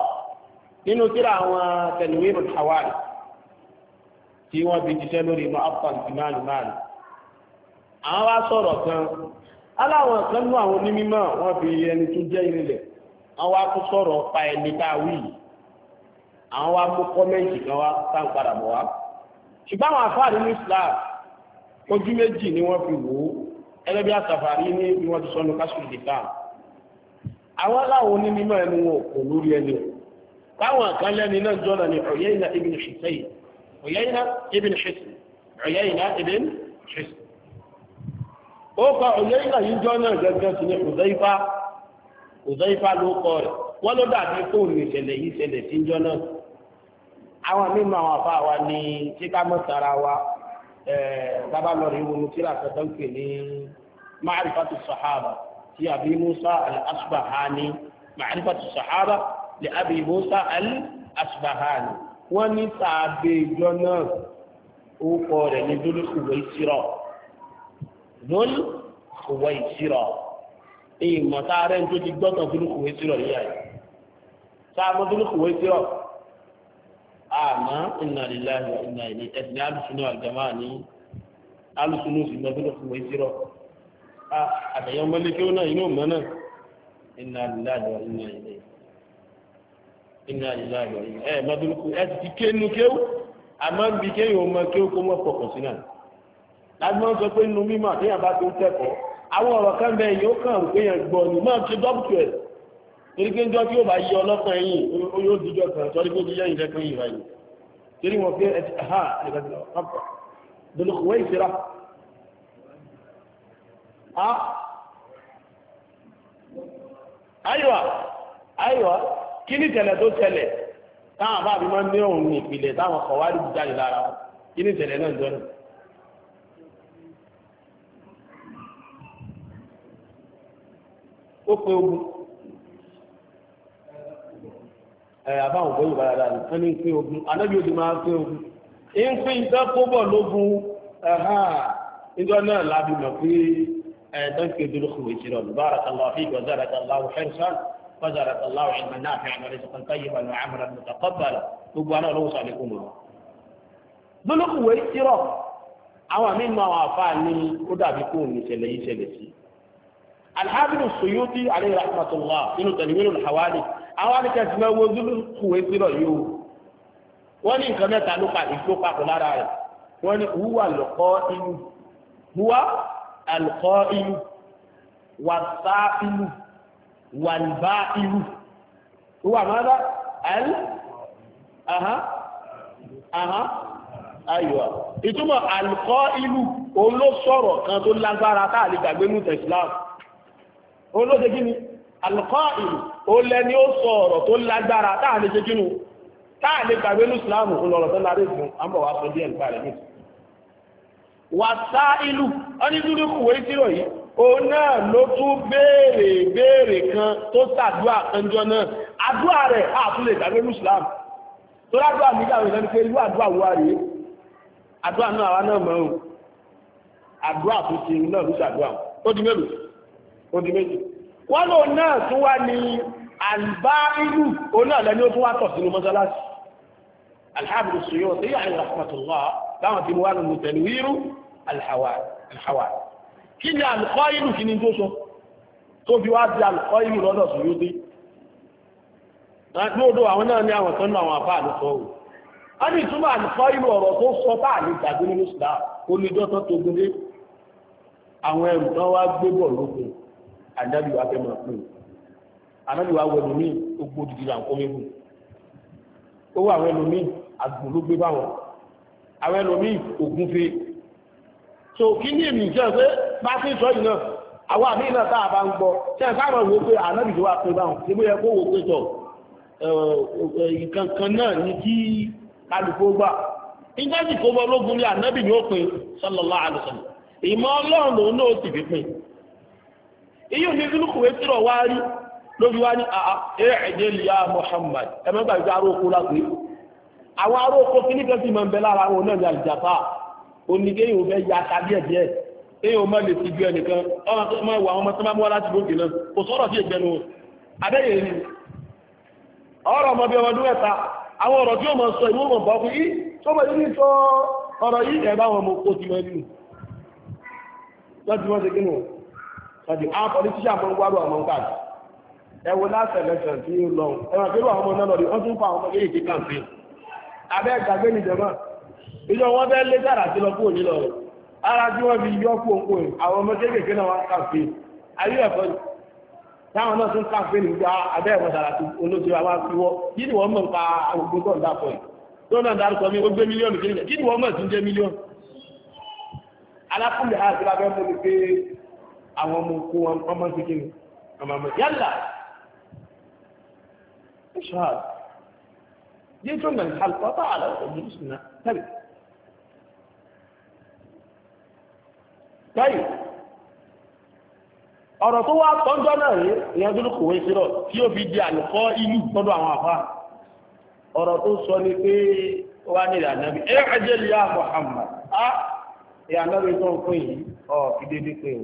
nínú tíra àwọn tanwirul hawari tí wọ́n fi jíṣẹ́ lórí ma afghan imanu mali àwọn wá sọ̀rọ̀ kan aláwọn kan nú àwọn onímọ̀ wọ́n fi ẹni tó jẹ́ ìrìnlẹ̀ àwọn wá kó sọ̀rọ̀ pa ẹni tá a wí àwọn wá kó kọ́mẹ́ǹtì kan wá sáà ń padà bọ̀ wá ṣùgbọ́n àwọn àfáà nínú Islam ojú méjì ni wọ́n fi wò ó ẹgbẹ́ bí àtàfàrí ní bí wọ́n ti sọ́nù kásùn ìdìbà àwọn aláwọ̀ ní mímọ́ ẹnu wọn kò lórí ẹni báwọn kan náà jọ́nà ni Uyayna ibn Hisayn Uyayna ibn Hisayn Uyayna ibn Hisayn ó kọ Uyayna yìí jọ́nà gẹ́gẹ́ sí ní Hudhayfa Hudhayfa ló kọ rẹ̀ wọ́n ló dàbí wa bàbá lọ rí wọn tíra kẹta ń pè ní ma'rifatu sahaba ti abi musa al-asbahani ma'rifatu sahaba li abi musa al-asbahani wọ́n ní sàbẹ̀ ìjọ náà orúkọ rẹ̀ ní dúró ìwé ìṣirọ dúró ìwé ìṣirọ èyí mọ̀ sáré ń tó ti gbọ́tọ̀ dúró ìwé ìṣirọ yíyá yìí àmọ́ inna lillahi wa inna ilayhi ẹ̀sìn alùsùnú àgbàmá ní alùsùnú sì lọ́dún fún wọ́n zírọ̀ àtẹ̀yẹ ọmọ lékè náà inú ọmọ náà inna lillahi wa inna ilayhi inna lillahi wa inna ẹ̀ lọ́dún fún ti kéénu kéwù àmọ́ bí kéèyàn ọmọ kéwù kó mọ́ pọ̀pọ̀ sí náà lágbọ́n sọ pé inú mímọ́ àtẹ̀yàn bá tó tẹ̀kọ́ àwọn ọ̀rọ̀ kan bẹ́ẹ̀ yóò kàn torí pé ń jọ tí ó bá yí ọlọ́pàá ẹ̀yìn ó yóò díjọ kan torí pé ó ti yẹ́yìn lẹ́kùn yìí báyìí torí wọn pé ẹ̀tì ha ẹ̀gbẹ̀tì ọ̀pá dolókùwé ìfira a aywa aywa kí ni tẹ̀lẹ̀ tó tẹ̀lẹ̀ táwọn àbá mi máa ń ní òun ní ìpìlẹ̀ táwọn kọ̀ wá jáde lára kí ni tẹ̀lẹ̀ náà jọ́nà ó pe ogun àbáwọn ògbóyìn bára dáa nìkan ní pé ogun anábì ó ti máa pé ogun ń pín ìtàn kó bọ̀ lógun níjọ́ náà láti mọ̀ pé ẹ̀ẹ́dán kí ojú lókùn èjì rọ̀ lù bára kan lọ fi ìgbà zára kan láwù hẹ́rìsà wàzára kan láwù ìgbà náà fi àmàlẹ́ sọ̀kan táyé wà ní àmàlẹ́ mọ̀tà kọ́bàlà gbogbo aná lọ́wọ́ sàlẹ̀ kó mọ̀. lólókùn èjì rọ̀ àwọn àmì alhábìrì sòyótì alayhi rahmatullah nínú tanwirul hawali àwọn àníkẹ́sì máa wo zulu kùwé sílọ̀ yìí o wọ́n ní nǹkan mẹ́ta ló pa ìgbó papọ̀ lára rẹ̀ wọ́n ní huwa lọ́kọ́ inú huwa alùkọ́ inú wàsá inú wàlbá inú huwa mọ́ra al aha aha ayọ̀ ìtumọ̀ alùkọ́ inú olóṣọ̀rọ̀ kan tó lágbára káàlì gbàgbénú tẹ̀síláàmù olóde gíní alqa'il ó lẹ́ni ó sọ ọ̀rọ̀ tó lágbára táà lè ṣe gínú táà lè gbàgbé ní ìsìláàmù olọ́rọ̀ tó lárí fún àmọ́ wà sọ díẹ̀ nípa rẹ̀ ní wà sá ìlú onídúró kùwé tíró yìí ó náà ló tún béèrè béèrè kan tó sàdúà kanjọ náà àdúà rẹ̀ àtún lè gbàgbé ní ìsìláàmù tó ládùà ó di méjì wọ́n lò náà tún wá ní àlbá ìlú òun náà lẹ́ni ó tún wá tọ̀ sínú mọ́sálásí alhábìrì sùyọ́ sí àyè rahmatullah láwọn tí mo wá nínú tẹ̀lú irú alhawa kí ni alùkọ́ ìlú kí ni tó sọ tó fi wá di alùkọ́ ìlú lọ́dọ̀ sùyọ́ sí lóòdó àwọn náà ní àwọn tọ́nà àwọn àfáà ló a ní ìtumọ̀ àlùkọ́ ìlú ọ̀rọ̀ tó sọ táà ní ìgbàgbé nínú sùdá oníjọ́ tó tó àwọn ẹrù kan wá gbé bọ̀ ànábì wa fẹ́ mọ̀ pé ànábì wa wẹ̀lú mí gbogbo òdìdí là ń kọ́ mẹ́fù ó wà àwọn ẹlòmí àgbò ló gbé báwọn àwọn ẹlòmí ògúnfe so kí ní èmi jẹ́ pé bá sí sọ yìí náà àwọn àmì náà tá a bá ń gbọ́ ṣe é káàmọ̀ wo pé ànábì tó wà pé báwọn ṣe bó yẹ kó wo pé tọ̀ nǹkan kan náà ní kí kálukó gbà nígbà tí kò bọ́ lógun ní ànábì ni ó pin sallallahu alaihi wasallam ìmọ̀ ọlọ́run lòun náà ti fi pin ihe òní ìdúnú kò wéé tìrọ̀ wá rí lóbi wá ní ẹ̀ẹ́dẹ́ lìyá Muhammad ẹ̀ mẹ́gbà ìgbà aró oko lápè àwọn aró oko kíní kan ti máa ń bẹ lára àwọn náà ní àlùjáfà onígé yóò fẹ́ ya aka díẹ̀ díẹ̀ èyàn má lè ju ẹnìkan ọmọ ìwà ọmọ tó bá mú wá láti náà kò sọ̀rọ̀ sí ìgbẹ́nu ni ọ̀rọ̀ ọmọ ẹ̀ta àwọn ọ̀rọ̀ tí ó sọ ọdí àwọn politician mọ́ ń wárò àwọn ń káàkiri ẹwọ last election tí ó lọ ẹwà pẹ̀lú àwọn ọmọ náà lọ́dí wọ́n tún fa ọmọ yìí ti campaign abẹ́ ìgbàgbé ní jẹ̀mọ́ ìjọ wọn fẹ́ lé sára sí lọ kúrò nílọ rẹ̀ ara tí wọ́n fi yọ kú òǹkó rẹ̀ àwọn ọmọ kéékèèké náà wá campaign ayé ẹ̀fọ́ táwọn náà tún campaign nígbà abẹ́ ẹ̀fọ́ sára sí olóṣèlú àwọn afiwọ́ kí ni wọ́n mọ̀ nípa ogun tó ń dàpọ̀ àwọn ọmọ okó wọn ọmọ sí kí ni ọmọ ọmọ yálà ìṣáàd yé tó mẹ́rin halkọ́ bá àlọ́ ọ̀gbìn ìṣúná tẹ́lẹ̀ tẹ́lẹ̀ ọ̀rọ̀ tó wá tọ́jọ́ náà rí ìyẹn tó lókòwé sírọ̀ tí ó fi di àlùkọ́ ìlú tọ́dọ̀ àwọn àfá ọ̀rọ̀ tó sọ ní pé wá ní ìrànàbí ẹ̀ ẹ̀jẹ̀ lè yá Muhammad ah, á ìrànàbí tó ń pè yìí ọ̀ fi dédé pé o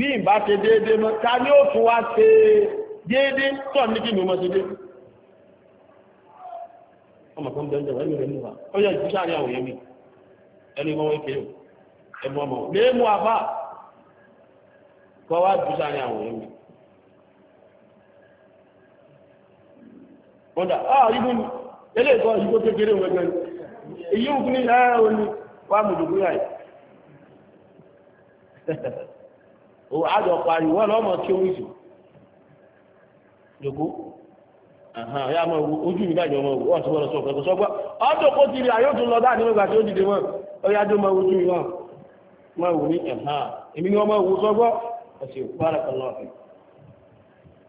bí n bá ṣe déédé mọ́ ta ní ó fún wa ṣe déédé tọ́ ní kí ni mo ṣe dé ọmọ kan bẹ́ẹ̀ ẹni rẹ̀ mú wa ó yẹ ìjú sáré àwọn yẹn mi ẹni wọ́n wọ́n kéré ẹmú ọmọ lè mú àbá kọ́ wá ìjú sáré àwọn yẹn mi wọ́n dà á ah, ibùn ilé ìkọ́ ìṣúkó kékeré wọn gan èyí òkú ní ẹ́ ah, òní wàá mọ̀dùkú yà o àjọ pariwo lọ́mọ kí orin sùn jòkó ya mọ ojú mi dájọ mọ wọ́n ti wọ́n sọ ọ̀kan sọgbọ́ ọdún kó ti rí ayé tó lọ dáa nínú ìgbà tí ó dìde wọn ọyá tó mọ ojú mi wọn wọn wò ní ẹ̀hán èmi ni ọmọ òwò sọgbọ́ ọ̀sẹ̀ òkúbára kan lọ ọ̀fẹ́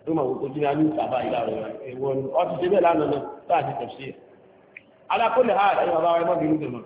ló mọ̀ ojú mi ní bàbá ìlà rẹ̀ ẹ̀wọ̀n ọtí ṣe bẹ́ẹ̀ lánàá náà láti tẹ̀sí ẹ̀ alákólẹ̀ ha ẹ̀yọ̀ bá wa ẹ̀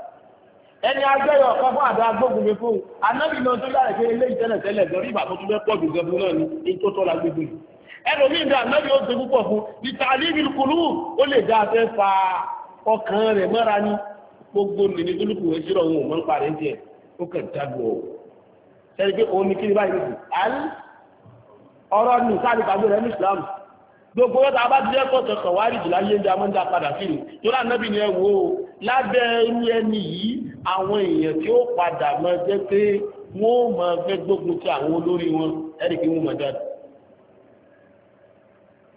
ẹni agbẹ́yọ̀ ọ̀kan fún àdá agbógun mi fún anábì náà tó dára pé ilé ìtẹ́lẹ̀ tẹ́lẹ̀ gan ríbà tó tún fẹ́ pọ̀ jù gan fún náà ni ní tó tọ́ra gbégbé yìí ẹnu mi ìdá anábì ó ṣe púpọ̀ fún ìtàlí ìbìlùkùlù ó lè dá afẹ́ fa ọkàn rẹ̀ mọ́ra ní gbogbo nìní tó lùkù wẹ́sí rọ̀ òun ò mọ́ ń parí díẹ̀ ó kàn dágbò ọ̀ sẹ́ni pé òun ni kí ni báyìí ọ̀rọ̀ nù sáà gbogbo wọn tá a bá ti jẹ́ pọ̀tọ̀ kọ̀wárì jù láyé ń da mọ́ ń da padà sí ni tó rà nábì ni ẹ wo lábẹ́ irú ẹni yìí àwọn èèyàn tí ó padà mọ jẹ́ pé wọ́n ó mọ fẹ́ gbógun ti àwọn olórí wọn ẹ̀rì kí wọ́n mọ̀ dáadáa.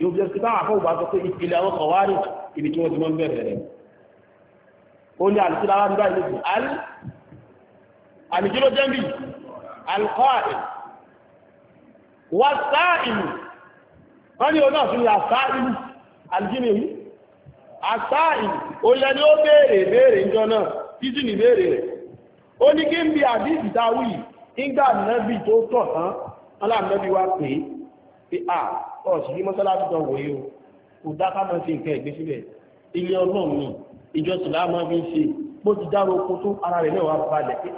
yóò jẹ́ sí báwọn afọ́wọ́ bá sọ pé ìpìlẹ̀ àwọn kọ̀wárì ibi tí wọ́n ti mọ́ ń bẹ̀rẹ̀ rẹ̀. ó ní àlùsí lára ní báyìí lóṣù àlù àlùjọ́ ló jẹ́ wọ́n ní ọ̀nà fún àṣà ìlú àjíní ìlú àṣà ìlú ó yẹ ni ó béèrè béèrè ìjọ náà títí ní béèrè rẹ̀ ó ní kí n bí àdíjì dáwì ìgbà nẹ́bì tó tọ̀ tán aláàmẹ́bí wá pé pé à ọ̀sì ní mọ́sálásí wòye o kò dáká ni ìjọ sùlámọ́ fi ń ṣe bó ti dáró oko tó ara rẹ̀ náà wá balẹ̀ pé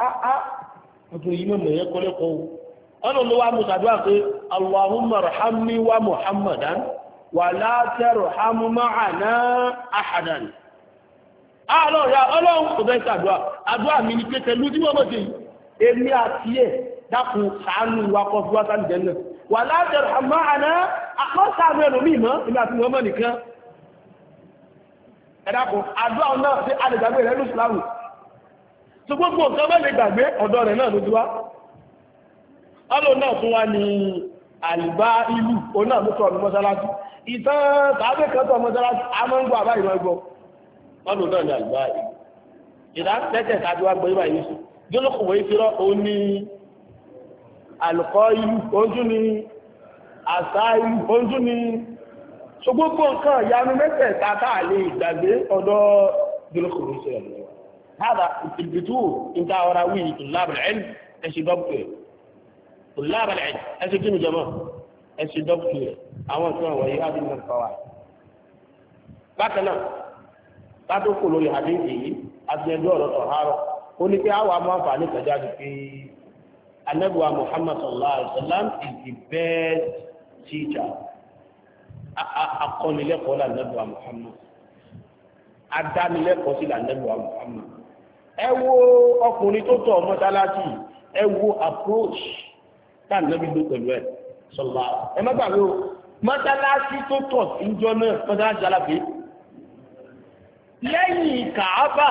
ọlọ́run ló wá mú sàdúrà pé Allahumma rahamni wa Muhammadan wa la tarham ma'ana ahadan àlọ́ọ̀yà ọlọ́run kò fẹ́ sàdúrà àdúrà mi ni pé tẹ̀lú tí wọ́n mọ̀ sí èmi àti ẹ̀ dákun sàánú wa kọ́ fún wákàtí jẹ́ náà wa la tarham ma'ana àkọ́sàánú ẹlòmíì mọ́ èmi àti wọ́n mọ̀ nìkan ẹ̀dàkùn àdúrà náà sí alẹ́gbàgbé rẹ̀ lùsùláwù tó gbogbo nǹkan mẹ́lẹ̀ gbàgbé ọ̀dọ́ rẹ̀ náà lójúwá ọlọ́ náà tún wá ní àlìbá ìlú oná mọ́tọ̀ ọ̀nà mọ́sálásí ìtàn tàbí kẹtọ̀ mọ́sálásí a máa ń gbọ́ àbá ìmọ̀ ẹgbọ́ ọlọ́ náà ní àlìbá ìlú ìdá tẹ́tẹ̀ tàbí wá gbọ́ ìwà yìí sùn jólókòwò ìfirọ́ ó ní àlùkọ́ ìlú ojú ní àṣà ìlú ojú ní ṣogbógbó nǹkan ìyanu mẹ́tẹ̀ẹ̀ta táà kò lábàlẹ̀ ẹsẹ̀ kí ni jọmọ́ ẹsẹ̀ dọ́kítù rẹ̀ àwọn ìṣúná wọ̀nyí á dínà kọ́wà. bákan náà kátó kò lórí àdéhùn yìí àti ẹjọ́ ọ̀rọ̀ tọ̀hárọ̀ ó ní pé àwọn amọ̀ àǹfààní kọjá Muhammad sallallahu alaihi wa is the best teacher akọ́nilẹ́kọ̀ọ́ la anabuwa Muhammad adánilẹ́kọ̀ọ́ sí la anabuwa Muhammad ẹ wo ọkùnrin tó tọ̀ ọmọdálásì ẹ wo approach tá nàbí ló pẹ̀lú ẹ̀ sọ̀rọ̀ ẹ má gbàgbé o mọ́tálásí tó tọ̀ síjọ́ náà mọ́tálásí alábẹ́ lẹ́yìn kàábà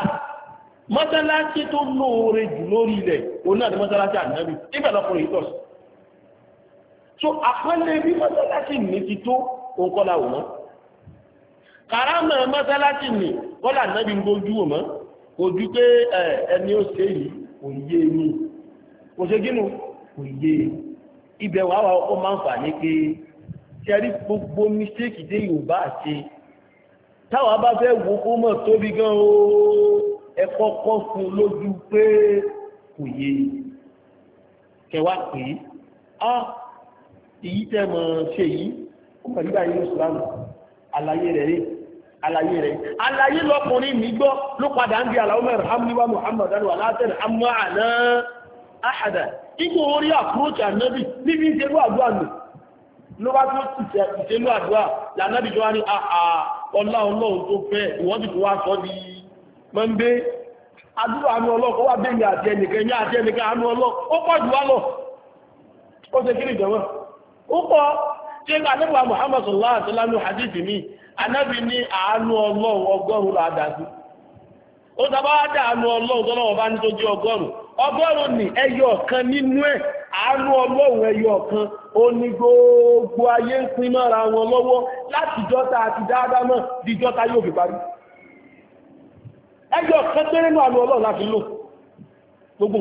mọ́tálásí tó lóore jù lórí ilẹ̀ òun náà ni mọ́tálásí ànábì ibẹ̀ lọ́kùnrin ìtọ̀ sí. so àpẹẹrẹ bí mọ́tálásí mi ti tó òun kọ́ la wò mọ́ kàrámà mọ́tálásí mi kọ́ la ànábì ń gbójú wò mọ́ kò ju pé ẹni ó ṣe yìí kò yé mi kò ṣe gínú kò yé mi ibẹ̀ wà wà ó máa ń fà ní pé ṣẹ́rí gbogbo mistake dé yorùbá àti táwa bá fẹ́ wo kó mọ̀ tóbi gan o ẹ kọ́kọ́ fún lójú pé kò yé kẹwàá pé á èyí tẹ́ mọ̀ ṣe yìí ó mọ̀ nígbà yìí ìsìlámù àlàyé rẹ̀ rí àlàyé rẹ̀ àlàyé lọkùnrin mi gbọ́ ló padà ń di àlàó mẹ́rin hamdiwa muhammadu aláàtẹ̀rẹ̀ amọ́ àṣàdà ipò orí àpúròkì ànábì níbi ìṣẹ́lú àdúrà nù ló bá tó ìṣẹ́lú àdúrà lànábì tó wá ní àà ọlá ọlọ́run tó fẹ́ ìwọ́n sọ di mọ́ńbé àdúrà àánú ọlọ́kọ́ wà bẹ́ẹ̀ àti ẹnìkan ní àti ẹnìkan àánú ọlọ́ ó pọ̀ jù wá lọ ó ṣe kiri ọgọ́rùn-ún ní ẹyọ ọ̀kan nínú ẹ̀ àánú ọlọ́run ẹyọ ọ̀kan ó ayé ń pín mọ́ra wọn lọ́wọ́ láti jọta àti dáadáa náà di jọta yóò fi ẹyọ ọ̀kan péré nínú àánú ọlọ́run láti lò gbogbo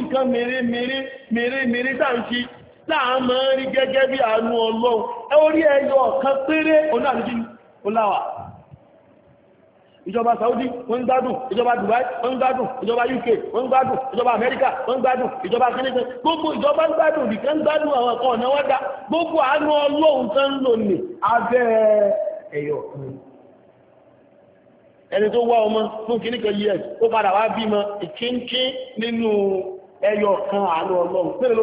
nǹkan láà máa ń rí gẹ́gẹ́ bí àánú ọlọ́run ẹ orí ẹyọ ọ̀kan péré onáàdíjì oláwà ìjọba Saudi wọ́n ń gbádùn ìjọba Dubai wọ́n ń gbádùn ìjọba UK wọ́n ń gbádùn ìjọba Amẹ́ríkà wọ́n ń gbádùn ìjọba kínníkan gbogbo ìjọba ń gbádùn nìkan ń gbádùn àwọn ọ̀kan ọ̀nà wọ́n dá gbogbo àánú ọlọ́run kan ń lò ní abẹ́ ẹ̀yọ̀ kan ẹni tó wá ọmọ fún kìníkan us ó padà wá bímọ ìkínkín nínú ẹyọ kan àánú ọlọ́run pẹ̀lú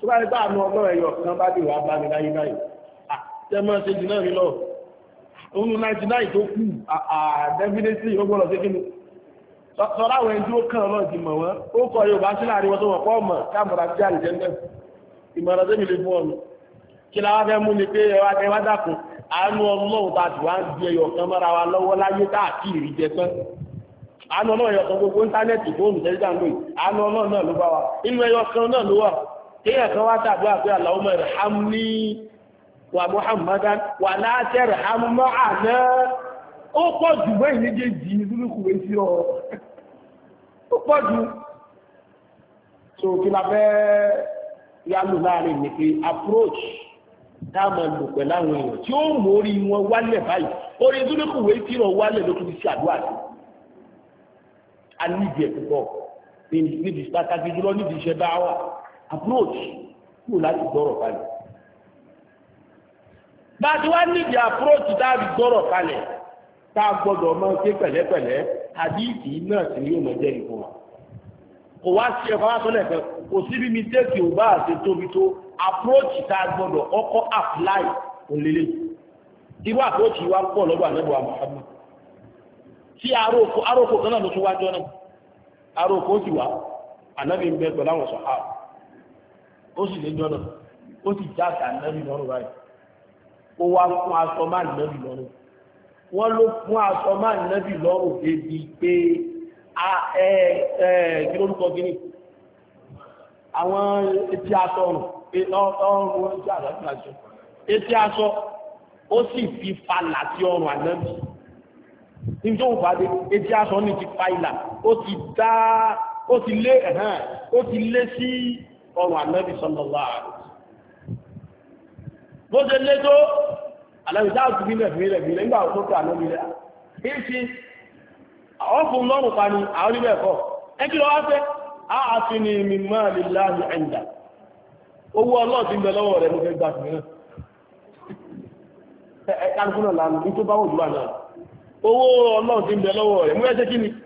tó bá rí bá àánú ọlọ́rọ̀ ẹ̀yọ̀ kan bá dì wá bá mi láyé báyìí àtẹ́mọ́ ṣe jù náà nílọ òun 99 tó kù àdẹ́bídẹ́sì ó gbọ́dọ̀ sí kíni sọ́ra àwọn ẹni tí ó kàn lọ́ọ̀ ti mọ̀ wọ́n ó kọ Yorùbá sí láàrin wọn tó wọ̀ pọ́ mọ̀ káàmùrà sí àlìjẹ́ndẹ̀ ìmọ̀ràn tẹ́mi lè fún ọ̀nà kí la wá fẹ́ mú ni pé ẹwà tẹ́ wá dàkún àánú ọlọ́run tá a ti wá ń di ẹyọ kan mọ́ra wa lọ́wọ́ láyé káàkiri jẹ tán àánú ọlọ́run ẹyọ kan gbogbo íńtánẹ́ẹ̀tì fóònù tẹ́lifíṣàn lóyè àánú ọlọ́run náà ló bá wa inú ẹyọ kan náà ló wà kéèyàn kan wá tàbí àgbé Allahumma irhamni wà Muhammadan wà láti irham ma'ana ó pọ̀ jù bẹ́ẹ̀ méjèèjì lúlùkù wé sí ọ ó pọ̀ jù so kí la fẹ́ yálù láàrin ní pé approach táàmà lò pẹ̀lú àwọn èèyàn tí ó mú orí wọn wálẹ̀ báyìí orí lúlùkù wé sí ọ wálẹ̀ ló tún fi ṣàdúrà sí a níbi ẹ̀ púpọ̀ níbi pàtàkì jùlọ níbi iṣẹ́ bá wà approach kúrò láti gbọ́rọ̀ kalẹ̀ bá a ti wá níbi approach tá a fi gbọ́rọ̀ kalẹ̀ tá a gbọ́dọ̀ máa ké pẹ̀lẹ́pẹ̀lẹ́ àdíìtì náà sì ni yóò mọ̀ jẹ́ ìfún wa kò wá sí ẹ̀fọ́ wá sọ́lẹ̀ kan kò sí bí mistake ò bá àti tóbi tó approach tá a gbọ́dọ̀ ọkọ̀ apply òlélẹ̀ irú approach wa pọ̀ lọ́dọ̀ àlẹ́bọ̀ àmọ́ tí aróko aróko kan náà ló tún wájọ́ náà aróko ti wá ànábì ń bẹ pẹ̀lú àwọn sọ̀hárù ó sì lé jọ́nà ó sì já àtà nẹ́bí lọ́rùn báyìí ó wá fún aṣọ má nẹ́bí lọ́rùn wọ́n ló fún aṣọ má nẹ́bí lọ́rùn débi pé kí lórúkọ gíní àwọn etí aṣọ ọrùn etí aṣọ etí aṣọ ó sì fi falà sí ọrùn ànẹ́bí níbi tó ń fà dé etí aṣọ ní ti fa ìlà ó ti dá ó ti lé ẹ̀hán ó ti lé sí. ọrùn ànábì sallallahu bó ṣe lé tó ànábì sáà tún nílẹ̀ fìlẹ̀ fìlẹ̀ nígbà tó tó ànábì ọ̀fun lọ́rùn àwọn ẹ̀kọ́ ẹ kí lọ wá fẹ́ a àfi ni mi máa lè láàyè ẹ̀ǹdà owó ọlọ́ọ̀tì ń bẹ lọ́wọ́ rẹ̀ ló fẹ́ gbà fún náà ẹ̀ka lánàá ní tó bá owó ọlọ́ọ̀tì ń bẹ lọ́wọ́ rẹ̀ mú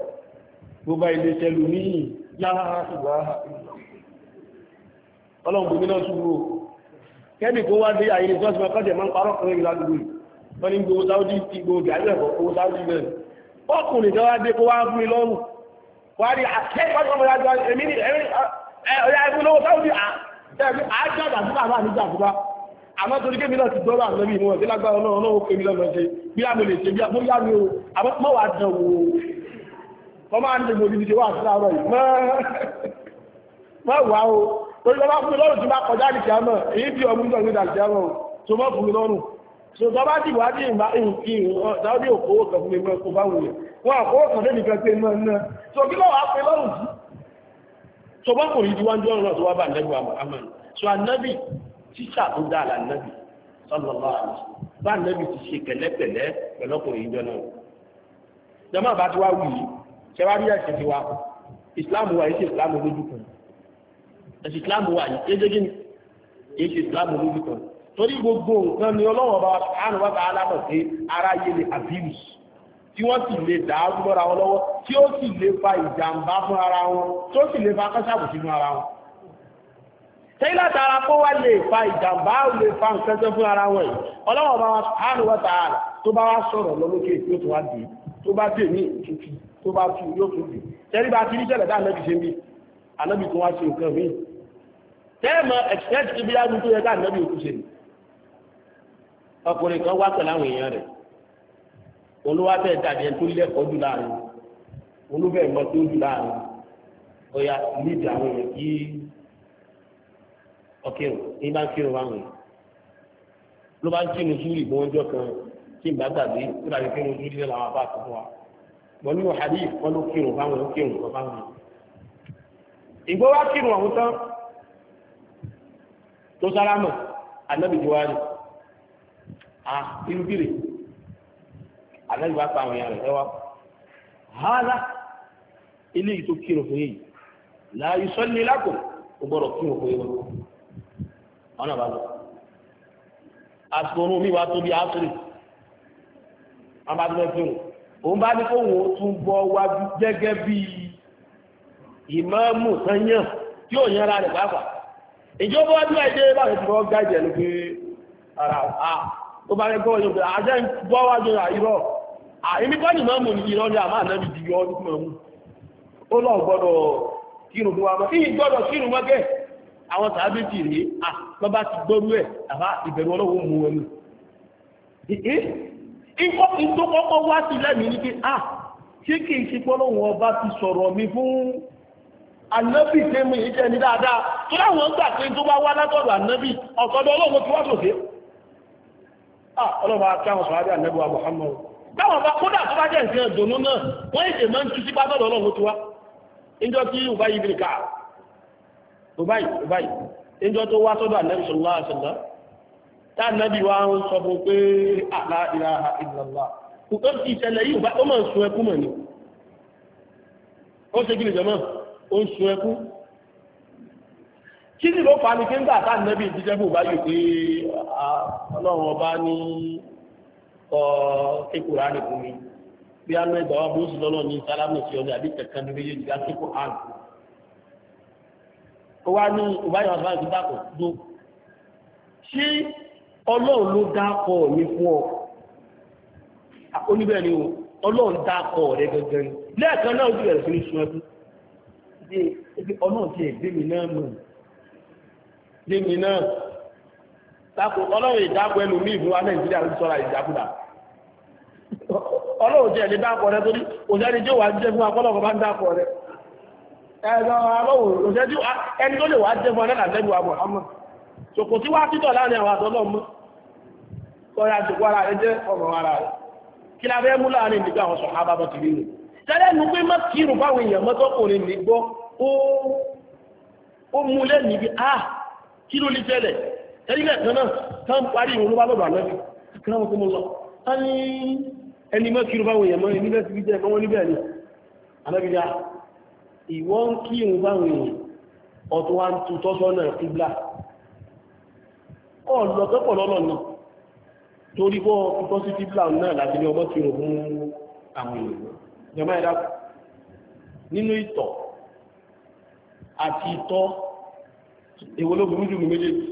bó bá ilé tẹ́lù ní láàrùbá ọlọ́gbò ní náà ṣúgbò kẹ́bì kó wá dé àyíní tó ṣe kọ́jẹ̀ máa ń parọ́ kan ìlà gbogbo wọ́n ní gbogbo sáwọ́dí ti gbogbo àìlẹ̀kọ́ owó sáwọ́dí bẹ̀rẹ̀ ọkùnrin tó wá dé kó wá fún mi lọ́rùn wá rí akẹ́kọ̀ọ́ ah, ah, ah, àmọ́ torí kébí náà ti dọ́rọ̀ àlọ́bí ìwọ̀n tí lágbára náà náà ó kébi lọ́nà ṣe bí a mo lè ṣe bí a mo yá mi wà dán wọ́n máa ń dìbò dídí wà sí àárọ̀ yìí mọ́ wà ó torí wọ́n bá fún mi lọ́rùn tí bá kọjá ní kìámọ̀ èyí fi ọmú nígbà nígbà ní tó mọ́ fún mi lọ́rùn so tó bá dìbò ájì ìmá ìhìnkì ìdáwọ́dí òkòwò kan fún mi mọ́ kó bá wùyẹ̀ wọ́n àkówó kan lé nìkan pé so kí lọ́wọ́ á so bá kò rí ju wájú ọ̀run náà tó wá bá so anábì tíṣà tó dáa sallallahu alaihi wasallam bá nábì ti ṣe pẹ̀lẹ́pẹ̀lẹ́ pẹ̀lọ́kùnrin ìjọ náà jọmọ́ àbá ṣẹwárí ẹ̀sìn tiwa ìsìláàmù wa yìí ṣe ìsìláàmù lójú kan ẹ̀sìn ìsìláàmù wa yìí kéde gíní yìí ṣe ìsìláàmù lójú kan torí gbogbo nǹkan ni ọlọ́wọ́ bá àánú wá bá alámọ̀ pé ara yé lè abirus tí wọ́n sì lè dá lọ́ra wọn lọ́wọ́ tí ó sì lè fa ìjàmbá fún ara wọn tí ó sì lè fa kọ́sàbù sínú ara wọn tẹ́yí látara kó wá lè fa ìjàmbá ó lè fa nǹkan tẹ́ fún ara wọn yìí ọlọ́wọ́ bá wa àánú wá tààrà tó bá wá sọ̀rọ̀ lọ́lókè tí ó tó wá dé tó bá dé ní ìtútù tó bá tú yóò tún bì tẹ́rí bá ti rí tẹ́lẹ̀ dá ànábì ṣe ń bì ànábì tó wá ṣe nǹkan mí tẹ́ẹ̀mọ expect ibi yá tó yẹ ká ànábì òkú ṣe ni ọkùnrin kan wá pẹ̀lú àwọn èèyàn rẹ̀ olúwa fẹ́ dàbí ẹni tó lẹ́kọ̀ọ́ jù láàrin olúfẹ́ ìmọ̀ tó jù láàrin ọ̀yà níbi àwọn èèyàn kí ọkẹ́rù ní bá ń kírun wáwọn èèyàn ló bá ń kírun súrì bí wọ́n jọ kan tí ìgbà wọn ní wàhálì wọn ló kírun báwọn ló kírun wọn báwọn. ìgbó wa kírun ọ̀hún tán tó sálámà ànábì ti wá rí a irú bìrì ànábì wá pa àwọn èèyàn rẹ̀ lẹ́wọ́ hàlá ilé yìí tó kírun fún yìí láàyè sọ́lé lákò ó gbọ́dọ̀ fún yìí ọ̀nà bá lọ. àsìkò orun mi wá tóbi àásìrì wọn bá tó fẹ́ kírun òun bá ní kóhùn ó tún bọ́ wá gẹ́gẹ́ bí ìmáàmù tán yàn tí ò yanra rẹ̀ pàápàá ìjọba wájú àìdé báyìí ti bọ́ gáàjì ẹ̀lú pé ara à tó bá rẹ̀ gbọ́ yóò pé àjẹ́ ń bọ́ wájú àìrọ̀ àìní kọ́ ní mọ́mù ní ìrọ́ ní àmà ànábì di yọ ọdún mọ́mù ó lọ gbọ́dọ̀ kírun tó wá mọ́ kíyìn gbọ́dọ̀ kírun mọ́kẹ́ àwọn tàbí ti rèé à lọ́ba ti gbọ́rú ẹ̀ àbá ìbẹ̀rù ọlọ́wọ́ mú ẹnu ikọ́ tó kọ́kọ́ wá sí lẹ́mìí ní pé ah ṣé kì í ṣe pọ́lọ́wọ́n ọba ti sọ̀rọ̀ mi fún ànábì tẹ́mu yìí jẹ́ ní dáadáa tó láwọn gbà pé tó bá wá látọ̀dọ̀ ànábì ọ̀sọ́dọ̀ ọlọ́run ti wá sòfé ah ọlọ́run á kí àwọn sọ̀rọ̀ àbí ànábì wa Muhammad báwọn bá kódà tó bá jẹ́ nǹkan ìdùnnú náà wọ́n èdè máa ń tú sí pátọ́lọ̀ ọlọ́run tó wá ìjọ tí ò bá yí bìrìkà ò báyìí ò báyìí ìjọ tó wá sọ́dọ̀ ànábì sallallahu alaihi tánàbí wa ń sọ fún pé àlá ìlàhà ìlàlá kùtọ́ sí ìṣẹ̀lẹ̀ yìí ó máa ń sun ẹkú mọ̀ ni ó ṣe gílì jọmọ́ ó ń sun ẹkú kí ni ló fa ni kí ń gbà tánàbí ìjíṣẹ́ fún ìbáyò pé ah, ọlọ́run ọba ní ọ kékùrá nìkú mi bí a mẹ́gbà wá bó sì lọ́nà ní sálámù sí ọdún àbí kankan ní méjèèjì ká tó kó hàn. ó wá ní ìbáyọ̀ ọ̀sán ti dákọ̀ dó. ọlọ́run ló dákọ̀ mi fún ọ ọlọ́run dákọ̀ rẹ gangan lẹ́ẹ̀kan náà sí ní ṣọ́ọ́dún ebi ọlọ́run ti náà ọlọ́run ìdáàbọ̀ ẹnu mi ìlú wa nàìjíríà ń sọ́ra ìdáàbòdà ọlọ́run ti ẹ̀lẹ́ rẹ torí òṣèré jẹ́ fún akọ́lọ́kọ́ bá ń rẹ ẹni tó lè jẹ́ fún ọlọ́run ṣòkò tí wá títọ̀ láàrin àwọn àtọ́lọ́ mọ́ kọ́ra ṣòkò ara rẹ ọ̀rọ̀ ara rẹ kí la fẹ́ mú láàrin nígbà àwọn sọ̀rọ̀ àbábọ̀ tìrí nù tẹ́lẹ̀ nu pé má kírun fáwọn èèyàn mọ́tọ́ kò ní ní gbọ́ ó mú lé níbi a ah, kí ló lè tẹ́lẹ̀ tẹ́lẹ̀ kan náà tá ń parí ìrún ló bá lọ́dọ̀ àlọ́bí kan náà kó mo lọ a ní ẹni mọ́ kírun fáwọn èèyàn mọ́ ẹni bẹ́ẹ̀ ti fi jẹ́ ẹ̀kọ́ wọn ah, èèyàn ọ̀tún wa ń tutọ́ ọ̀lọ́ pẹ́pọ̀ lọ́nà náà torí bọ́ púpọ̀ sí tíblà náà láti ní ọmọ tí ó mú àwọn èèyàn jẹmọ́ ẹ̀dá nínú ìtọ̀ àti ìtọ̀ èwo ló burú jù ní méjèèjì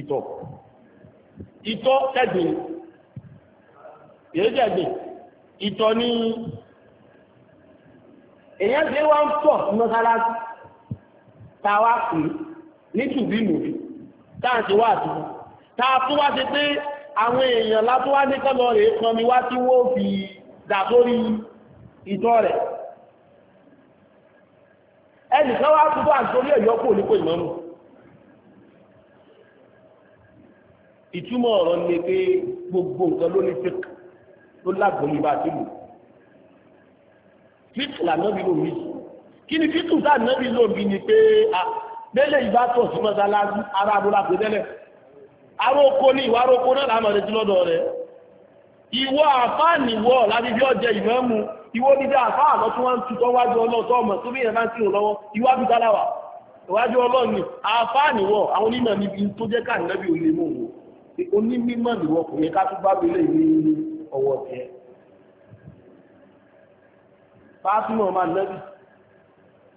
ìtọ̀ ìtọ̀ tẹ́gbìn èyí tẹ́gbìn ìtọ̀ ní èyàn tí wọ́n ń pọ̀ mọ́sálásí tàwa kù ní tùbí nùbí táàtì wà tó táà tó wá ṣe pé àwọn èèyàn látó wá ní kọ́lọ̀ rẹ̀ kan mi wá tí wọ́n fi dà sórí ìtọ́ rẹ̀ ẹnìkan wá tó wà nítorí ẹ̀yọ́ kò ní kò ìmọ̀mù ìtumọ̀ ọ̀rọ̀ ni pé gbogbo nǹkan ló ní fíkì ló lágbóyè bá ti lò fíkì lànà bí lòmí kí ni fíkì tá àná bí lòmí ni pé a. bẹ́lẹ̀ ìbá tọ̀ sí mọ́sálásí ara abúlá pé tẹ́lẹ̀ àwọn oko ní ìwà oko náà láàmọ̀ retí lọ́dọ̀ rẹ̀ ìwọ àfáàní wọ láti fi ọjẹ ìmọ̀ọ́mù ìwọ bíi àfá àlọ́ tí wọ́n ń tutọ́ wájú ọmọ tó bí bá ń sìn lọ́wọ́ ìwà bíi ìwájú àwọn onímọ̀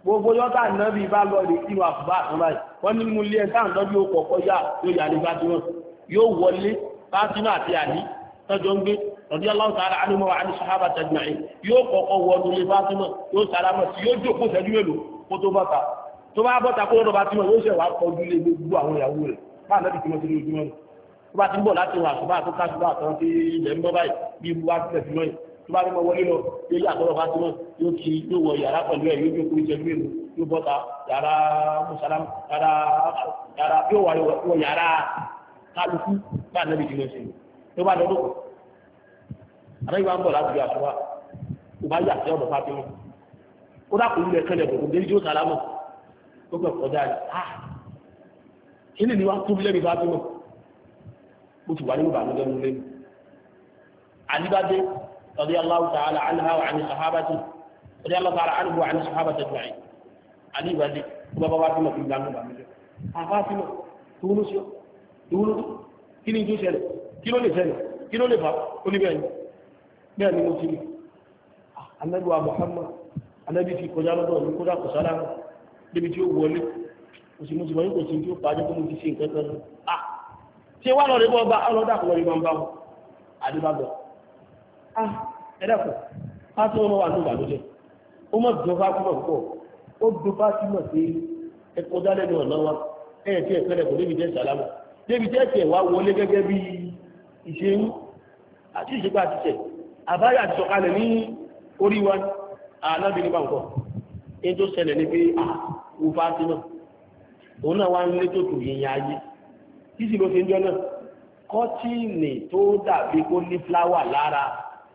gbogbo yọ́tà nàbí bá lọ lè kí wà fún bá àtàn báyìí wọ́n ní mú ilé ẹ̀ta ìtọ́jú ó kọ̀ọ̀kọ́ yá ló yà ní Fatima yóò wọlé Fatima àti àdí tọ́jọ́ ń gbé ọdí aláwọ̀ sára ánimọ̀ wà ní sàhábà tẹ̀gbìnrin yóò kọ̀ọ̀kọ́ wọnú ilé Fatima yóò sára mọ̀ sí yóò jókòó sẹ́jú mélòó kó tó bọ́ta tó bá bọ́ta kó lọ́dọ̀ Fatima yóò ṣẹ̀ wá kọjú lé gbogbo àwọn ìyàwó rẹ̀ bá nàbí tí mo ti rí ojúmọ́ rẹ̀ tó bá ti ń bọ̀ láti wà tó bá tó ká tó bá ní mọ wọlé lọ yóò yí àtọ́lọ́ ká túmọ̀ yóò kí yóò wọ yàrá pẹ̀lú ẹ̀ yóò jókòó ìṣẹ́jú èlò yóò bọ́ta yàrá mùsàlámù yàrá yàrá yóò wà wọ yàrá kálukú bá nàbì jùlọ sí tó bá dọdọ àtàwọn ìwà ń bọ̀ láti yà sọ́wọ́ kò bá yà sí ọ̀dọ̀ Fátímà ó dà kó lulẹ̀ kẹlẹ̀ kò dé ijó sàlámù ó gbẹ kọjá rẹ̀ ah kí ni wàá tóbi lẹ́nu Fátímà mo ti wà nínú ìbànújẹ́ nínú lẹ́nu àdíbádé رضي الله تعالى عنها وعن صحابته رضي الله تعالى عنه وعن صحابة أجمعين علي بدي بابا فاطمة في بلانو فاطمة تونس تونس كيلو جو سنة كيلو لي سنة كيلو لي فاطمة قولي بيان بيان مسلم النبي محمد النبي في كجالة دون كجالة كسالة níbi tí ó wọlé òsìmọ́sìmọ́ yóò kò sí tí ó pàájọ́ tó mú ti ṣe nǹkan kan ah ṣé wà lọ́rẹ́ bọ́ bá ọlọ́dà kọlọ́rí bá ń ah ẹ̀dàkùn ká tó wọ́n wà ní ìgbàlódé ó mọ̀ dùn bá túmọ̀ púpọ̀ ó dùn bá túmọ̀ pé ẹ kọjá lẹ́nu ọ̀nà wa ẹ̀ tí ẹ̀ pẹ́lẹ̀ kò débi jẹ́ sàlámù débi jẹ́ tiẹ̀ wá wọlé gẹ́gẹ́ bí ìṣe ń àti ìṣèpá àti tẹ̀ àbáyé àti sọ̀kalẹ̀ ní orí wa alábìnrin bá ń kọ́ tó ṣẹlẹ̀ ní pé ah wò Fátímà òun náà wá ń lé tó tò yìnyín ayé kí sì ló ṣe ń jọ náà kọ́tíìnì tó dàbí kó ní fúláwà lára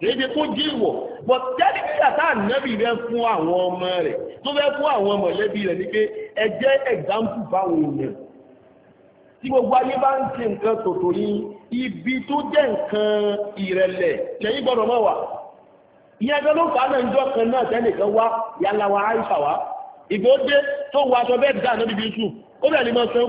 kéde kó jí ìwọ̀ bọ̀ tẹ́lẹ̀ kí àtà ànábì rẹ fún àwọn ọmọ rẹ̀ tó fẹ́ fún àwọn mọ̀lẹ́bí rẹ̀ ni pé ẹ jẹ́ ẹ̀gbáǹpù báwọn èèyàn tí gbogbo ayé bá ń ṣe nǹkan tòtò yín ibi tó jẹ́ nǹkan ìrẹ̀lẹ̀ lẹ́yìn gbọ́dọ̀ mọ̀ wá ìyẹn ẹgbẹ́ ló fà á náà ń jọ kan náà tẹ́lẹ̀ kan wá yàrá wa àìsà wá ìgbó dé tó wọ aṣọ bẹ́ẹ̀ dà níbi iṣu ó bẹ̀rẹ̀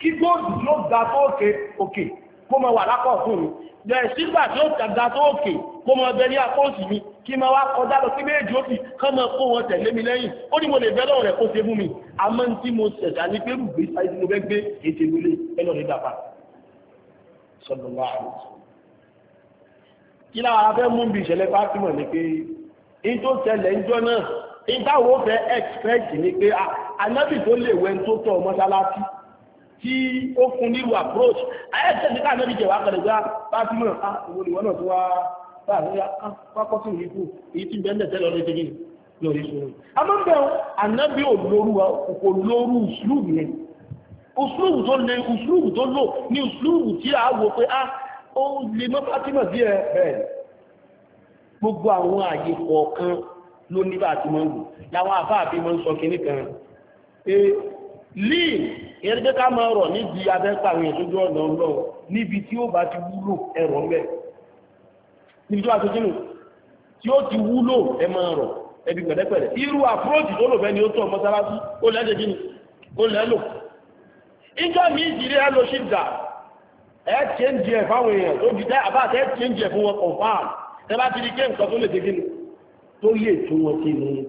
kí góòdù ló ga tó òkè òkè kó mọ wà lápọ̀ fún mi bẹ̀rẹ̀ sígbà tí ó ga tó òkè kó mọ bẹ ní àpòsì mi kí máa wá kọjá lọ sí méjì ó fi kán mọ kó wọn tẹ̀lé mi lẹ́yìn ó ní mo lè bẹ́ lọ́wọ́ rẹ̀ kó ṣe fún mi àmọ́ ní tí mo ṣẹ̀dá ní pé rúgbé sáyé tí mo fẹ́ gbé ètè mi lé ẹ lọ́ọ́ ní dàbà sọlọ́lá àrùn kí láwọn afẹ́ mú bí ìṣẹ̀lẹ̀ fásimọ̀ ni pé in tó tẹ̀lẹ̀ ń jọ náà in táwọn ó fẹ́ expect ni pé anábì ah, tó lè wẹ́n tó tọ̀ mọ́sálásí tí ó fún nílùú approach ayẹ́sẹ̀ ní káàkiri jẹ̀wà kẹrẹ̀gbá bá tí mọ̀ á ah, ìwọ̀n ìwọ̀n náà tó wá bá àríyá pápọ́ ah, sí ìrìkú èyí tí bẹ́ẹ̀ tẹ́lọ ní ti gíní lórí sọ̀rọ̀ amọ́bẹ̀ anábì olóru kò lóru ìṣlúùbù yẹn ìṣlúùbù tó lè ìṣlúùbù tó lò ní ìṣlúùbù tí a wò pé a ah, ó lè mọ́ fátímọ̀ sí ẹ bẹ́ẹ̀ gbogbo àwọn àyè kọ̀ọ̀kan ló ní bá àti mọ́ ń wò lean eré ká máa rọ̀ níbi abẹ́pàwọn ìṣojú ọ̀nà ọlọ́run níbi tí ó bá ti wúlò ẹ̀rọ mẹ́ níbi tí ó bá ti jìnnà tí ó ti wúlò ẹ máa rọ̀ ẹbí pẹ̀lẹ́pẹ̀lẹ́ irú àpúròtì tó lò fẹ́ ni ó tó mọ́sálásí ó lẹ́jẹ̀ jìnnà ó lẹ́lò ìjọ mi ìdílé ẹ lọ ṣíjà ẹ chẹ́ǹjì ẹ̀ fáwọn èèyàn tó fi tẹ́ àbá tẹ́ chẹ́ǹjì ẹ̀ fún wọn kọ̀ọ̀fà ẹ bá ti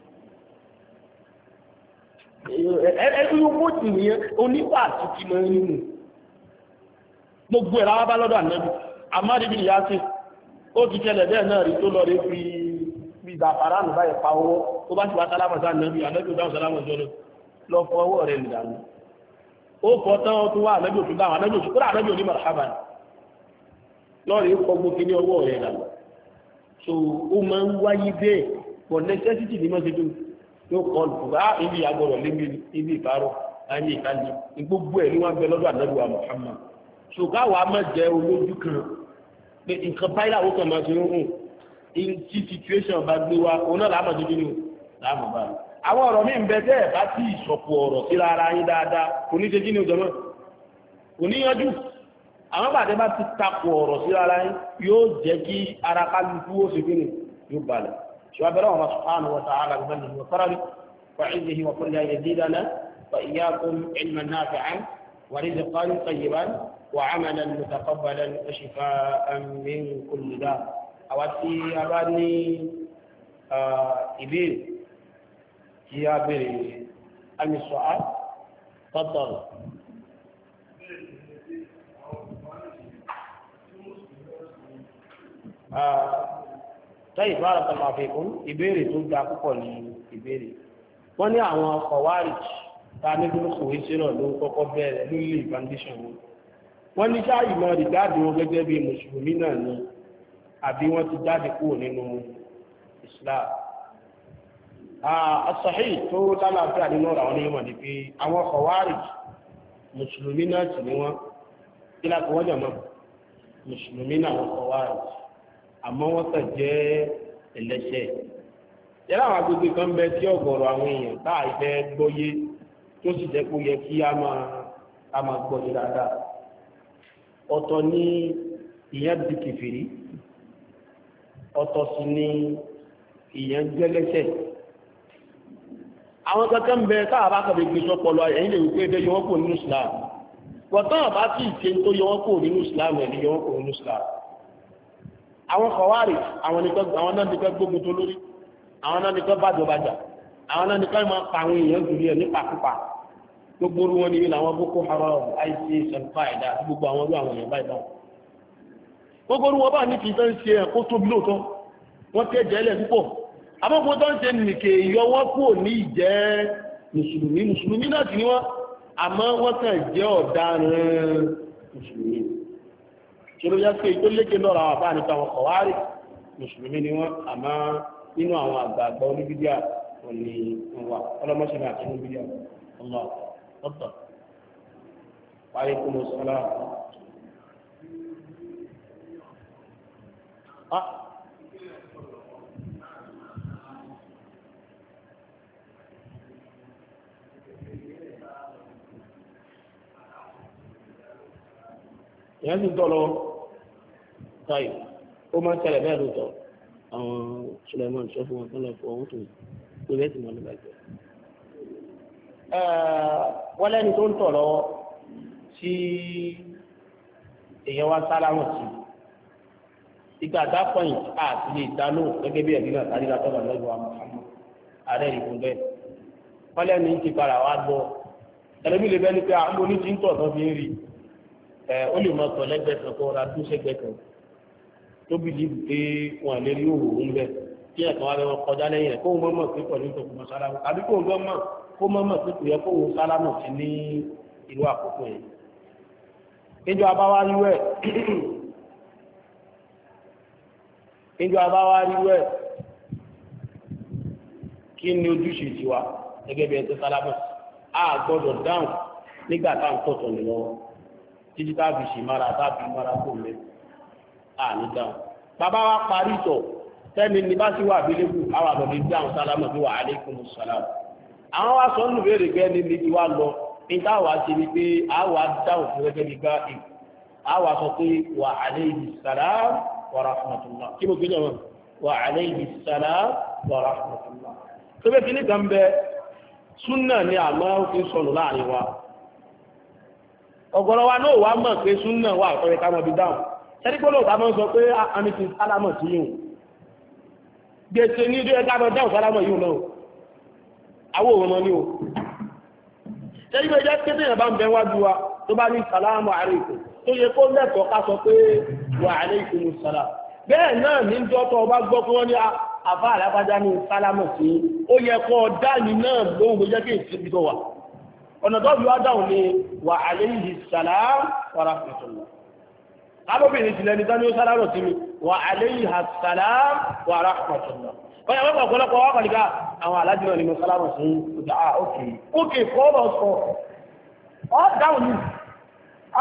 ẹgbẹ́ owó tì ní oníwà tuntun mọ́ nínú gbogbo ẹ̀ láwá bá lọ́dọ̀ ànẹ́bí àmárìbí ìyá sí ó ti tẹ́lẹ̀ bẹ́ẹ̀ náà rí tó lọ rí fi bí ìdàfàrà nù báyìí pa owó tó bá ti wá sálámà sí ànẹ́bí ànẹ́bí dáhùn sálámà jọ lọ lọ fọ ọwọ́ rẹ̀ nìdànù ó fọ tán ó tún wá ànẹ́bí òtún dáhùn ànẹ́bí òtún kúrò ànẹ́bí òní màrúhàbà yóò kọ́ lù bá ibi àgbọ̀rọ̀ lébi ibi ìparọ́ ayé ìkàlì gbogbo ẹ̀ ló wá bẹ lọ́dọ̀ ànábì wa Muhammad ṣùgbọ́n àwa máa jẹ olójú kan pé nǹkan báyìí làwọn kan máa ṣe ń hùn tí situation bá gbé wa òun náà làá máa ṣe kíni o làá máa bá a. àwọn ọ̀rọ̀ mi ń bẹ tẹ́ ẹ̀ bá tí ìṣọ̀kù ọ̀rọ̀ síra ara yín dáadáa kò ní ṣe kíni o jọ̀mọ́ kò ní yanjú àwọn bàtẹ́ bá ti takò ọ̀rọ̀ síra ara yín yóò jẹ́ kí ara kálukú ó ṣe kíni yóò balẹ̀. شوابره سبحانه وتعالى بمنه وكرمه وعزه وكل يزيدنا وإياكم علما نافعا ورزقا طيبا وعملا متقبلا وشفاء من كل داء أواتي أباني آه، إبيل يا بري أمي السؤال تفضل آه sẹ́yìn tó àrà tọ́lá àfikún ìbéèrè tó ga púpọ̀ ní ìbéèrè wọ́n ní àwọn ọkọ̀ wárìj ta ní gbólókò ìṣirò ló ń kọ́kọ́ bẹ̀rẹ̀ lórí ìbándíṣàn wọn wọ́n ní sáàyì mọ́ ìjáde wọn gẹ́gẹ́ bí mùsùlùmí náà ni àbí wọ́n ti jáde kúrò nínú Islam àṣàhì tó lálàáfíà nínú ọ̀rọ̀ àwọn onímọ̀ ni pé àwọn ọkọ̀ wárìj mùsùlùmí náà sì ni wọ́n kí lákòó wọ́n jọ̀ mọ́ àmọ́ wọ́n kàn jẹ́ ẹlẹ́ṣẹ̀ yẹ́rọ àwọn agbègbè kan bẹ tí ọ̀gọ̀rọ̀ àwọn èèyàn tá à fẹ́ gbọ́yé tó sì jẹ́ kó yẹ kí a máa a máa gbọ́yé dáadáa ọ̀tọ̀ ní ìyẹn di kìfìrí ọ̀tọ̀ sì ní ìyẹn jẹ́lẹ́ṣẹ̀ àwọn kankan bẹ táà bá kàbí gbé sọpọlọ ẹ̀yìn lè wípé bẹ yọwọ́ kò nínú Islam wọ́n táà bá sì ṣe tó yọwọ́ kò nínú Islam ẹ̀ ní yọwọ́ kò nínú Islam àwọn kọ̀wárì àwọn náà nìkan gbógun tó lórí àwọn náà nìkan bàjọ̀bàjà àwọn náà nìkan máa pa àwọn èèyàn jùlọ ẹ̀ nípakúpa gbogbo wọn níbi làwọn boko haram isis and qaeda gbogbo àwọn olú àwọn èèyàn báyìí báwọn gbogbo wọn bá ní kìí tán ṣe ẹ̀kó tóbi lóòótọ́ wọ́n tẹ́ jẹ́lẹ̀ púpọ̀ abọ́kùn tán ṣe nìkè yọ wọ́n kúrò ní ìjẹ́ mùsùlùmí mùsùlùmí náà ti ní wọ́n àmọ́ wọ́n kàn jẹ́ ọ̀daràn mùsùlùmí ṣòro yá pé tó léke lọ́rọ̀ àwọn àbáà nípa àwọn kọ̀wárì mùsùlùmí ni wọ́n àmọ́ nínú àwọn àgbààgbà oníbídíà wọn ni wọn wà ọlọ́mọṣẹ́lẹ̀ àti oníbídíà ọlọ́ ọ̀tọ̀ wáyé kó mo sọ́lá. ìyẹn sì táyì ó máa ń ṣẹlẹ̀ bẹ́ẹ̀ lóòótọ́ àwọn Suleiman sọ fún wọn kí wọ́n lọ fọ owó tó tó bẹ́ẹ̀ sì máa lọ bàjẹ́. wọ́n lẹ́ni tó ń tọ̀ lọ́wọ́ tí èèyàn wá sálámù sí ìgbà dá pọ́yìn àti lè dá lóhùn gẹ́gẹ́ bí ẹ̀mí náà sáré látọ̀ lọ́jọ́ wa ààrẹ ìbùn bẹ́ẹ̀ wọ́n lẹ́ni ti padà wá gbọ́ ẹlẹ́mí lè bẹ́ẹ̀ ni pé àwọn oníjì ń tọ̀ fi ń rí ó lè mọ̀ tọ̀ lẹ́gbẹ̀ẹ́ kan kó ra tó ṣẹ́gbẹ̀ẹ́ kan tó bìlí pé wọn lè rí òwòrán bẹ́ẹ̀ kí ẹ̀kan wá lọ́wọ́ kọjá lẹ́yìn rẹ̀ kó wọ́n mọ̀ pé pẹ̀lú ìtòkù mọ́ sálámù àbí kó wọ́n mọ̀ kó mọ̀ mọ̀ pé kò yẹ kó wọ́n sálámù sí ní ìlú àkókò yẹn. ìjọ abáwá rí wẹ̀ ìjọ abáwá rí kí ni ojúṣe tiwa gẹ́gẹ́ bí ẹ ti sálámù a gbọ́dọ̀ dáhùn nígbà táwọn tọ̀tọ̀ nìlọ́wọ́ títí táàbì sì mára táàbì mára kò mẹ́rin àní dáhùn bàbá wa parí ìtọ̀ tẹ́ni ní bá sì wà abílẹ́kù àwọn àbọ̀dé dáhùn sálámà tó wà aleikum salam àwọn wa sọ nù béèrè gẹ́ níbi tí wà lọ níta wàá ṣe ni pé àwa dáhùn fún gẹ́gẹ́ bí gbá ìlú àwa sọ pé wà aleihi salam wa rahmatullah kí mo gbé wọn wà aleihi salam wa rahmatullah tó bẹ́ẹ̀ kí ní kan bẹ súnà ni àmọ́ fi sọnù láàrin wa ọ̀gọ̀rọ̀ wa náà wà mọ̀ pé súnà wà àtọ́rẹ ká mọ̀ dáhùn sẹ́dígbọ́lọ̀ ọ̀gá máa ń sọ pé ah, àmì ti sálámọ̀ sí yìí gbèsè ní ilé ẹgbẹ́ àmọ́dá òsálámọ̀ yìí náà àwọn òun ni o sẹ́dígbọ́ ẹjẹ́ kéde yẹn bá ń bẹ wájú wa tó bá ní sálámọ̀ àríkù tó yẹ kó lẹ́tọ̀ọ́ ká sọ pé wà àríkù ní sálá bẹ́ẹ̀ náà ní ń dọ́tọ̀ ọba gbọ́ pé wọ́n ní ah, àfa àlágbájá ní sálámọ̀ sí ó yẹ kó dáàlì náà lóhun gbé jẹ́ kí ìsinmi tó wà ọ̀nà tó fi wá dáhùn ni wà àríkù sálá wàrà fìtùnú kábọ̀bìnrin ti lẹni tán ní ó sálárọ̀ sí mi wà aléyìí hasalam wà rahmatullah bọ́yá wọ́n ọ̀pọ̀lọpọ̀ wọ́n kọ̀ nígbà àwọn alájì náà ni mo sálárọ̀ sí ọjà òkè òkè fọ́ọ̀rọ̀ sọ ọ́ dáhùn ní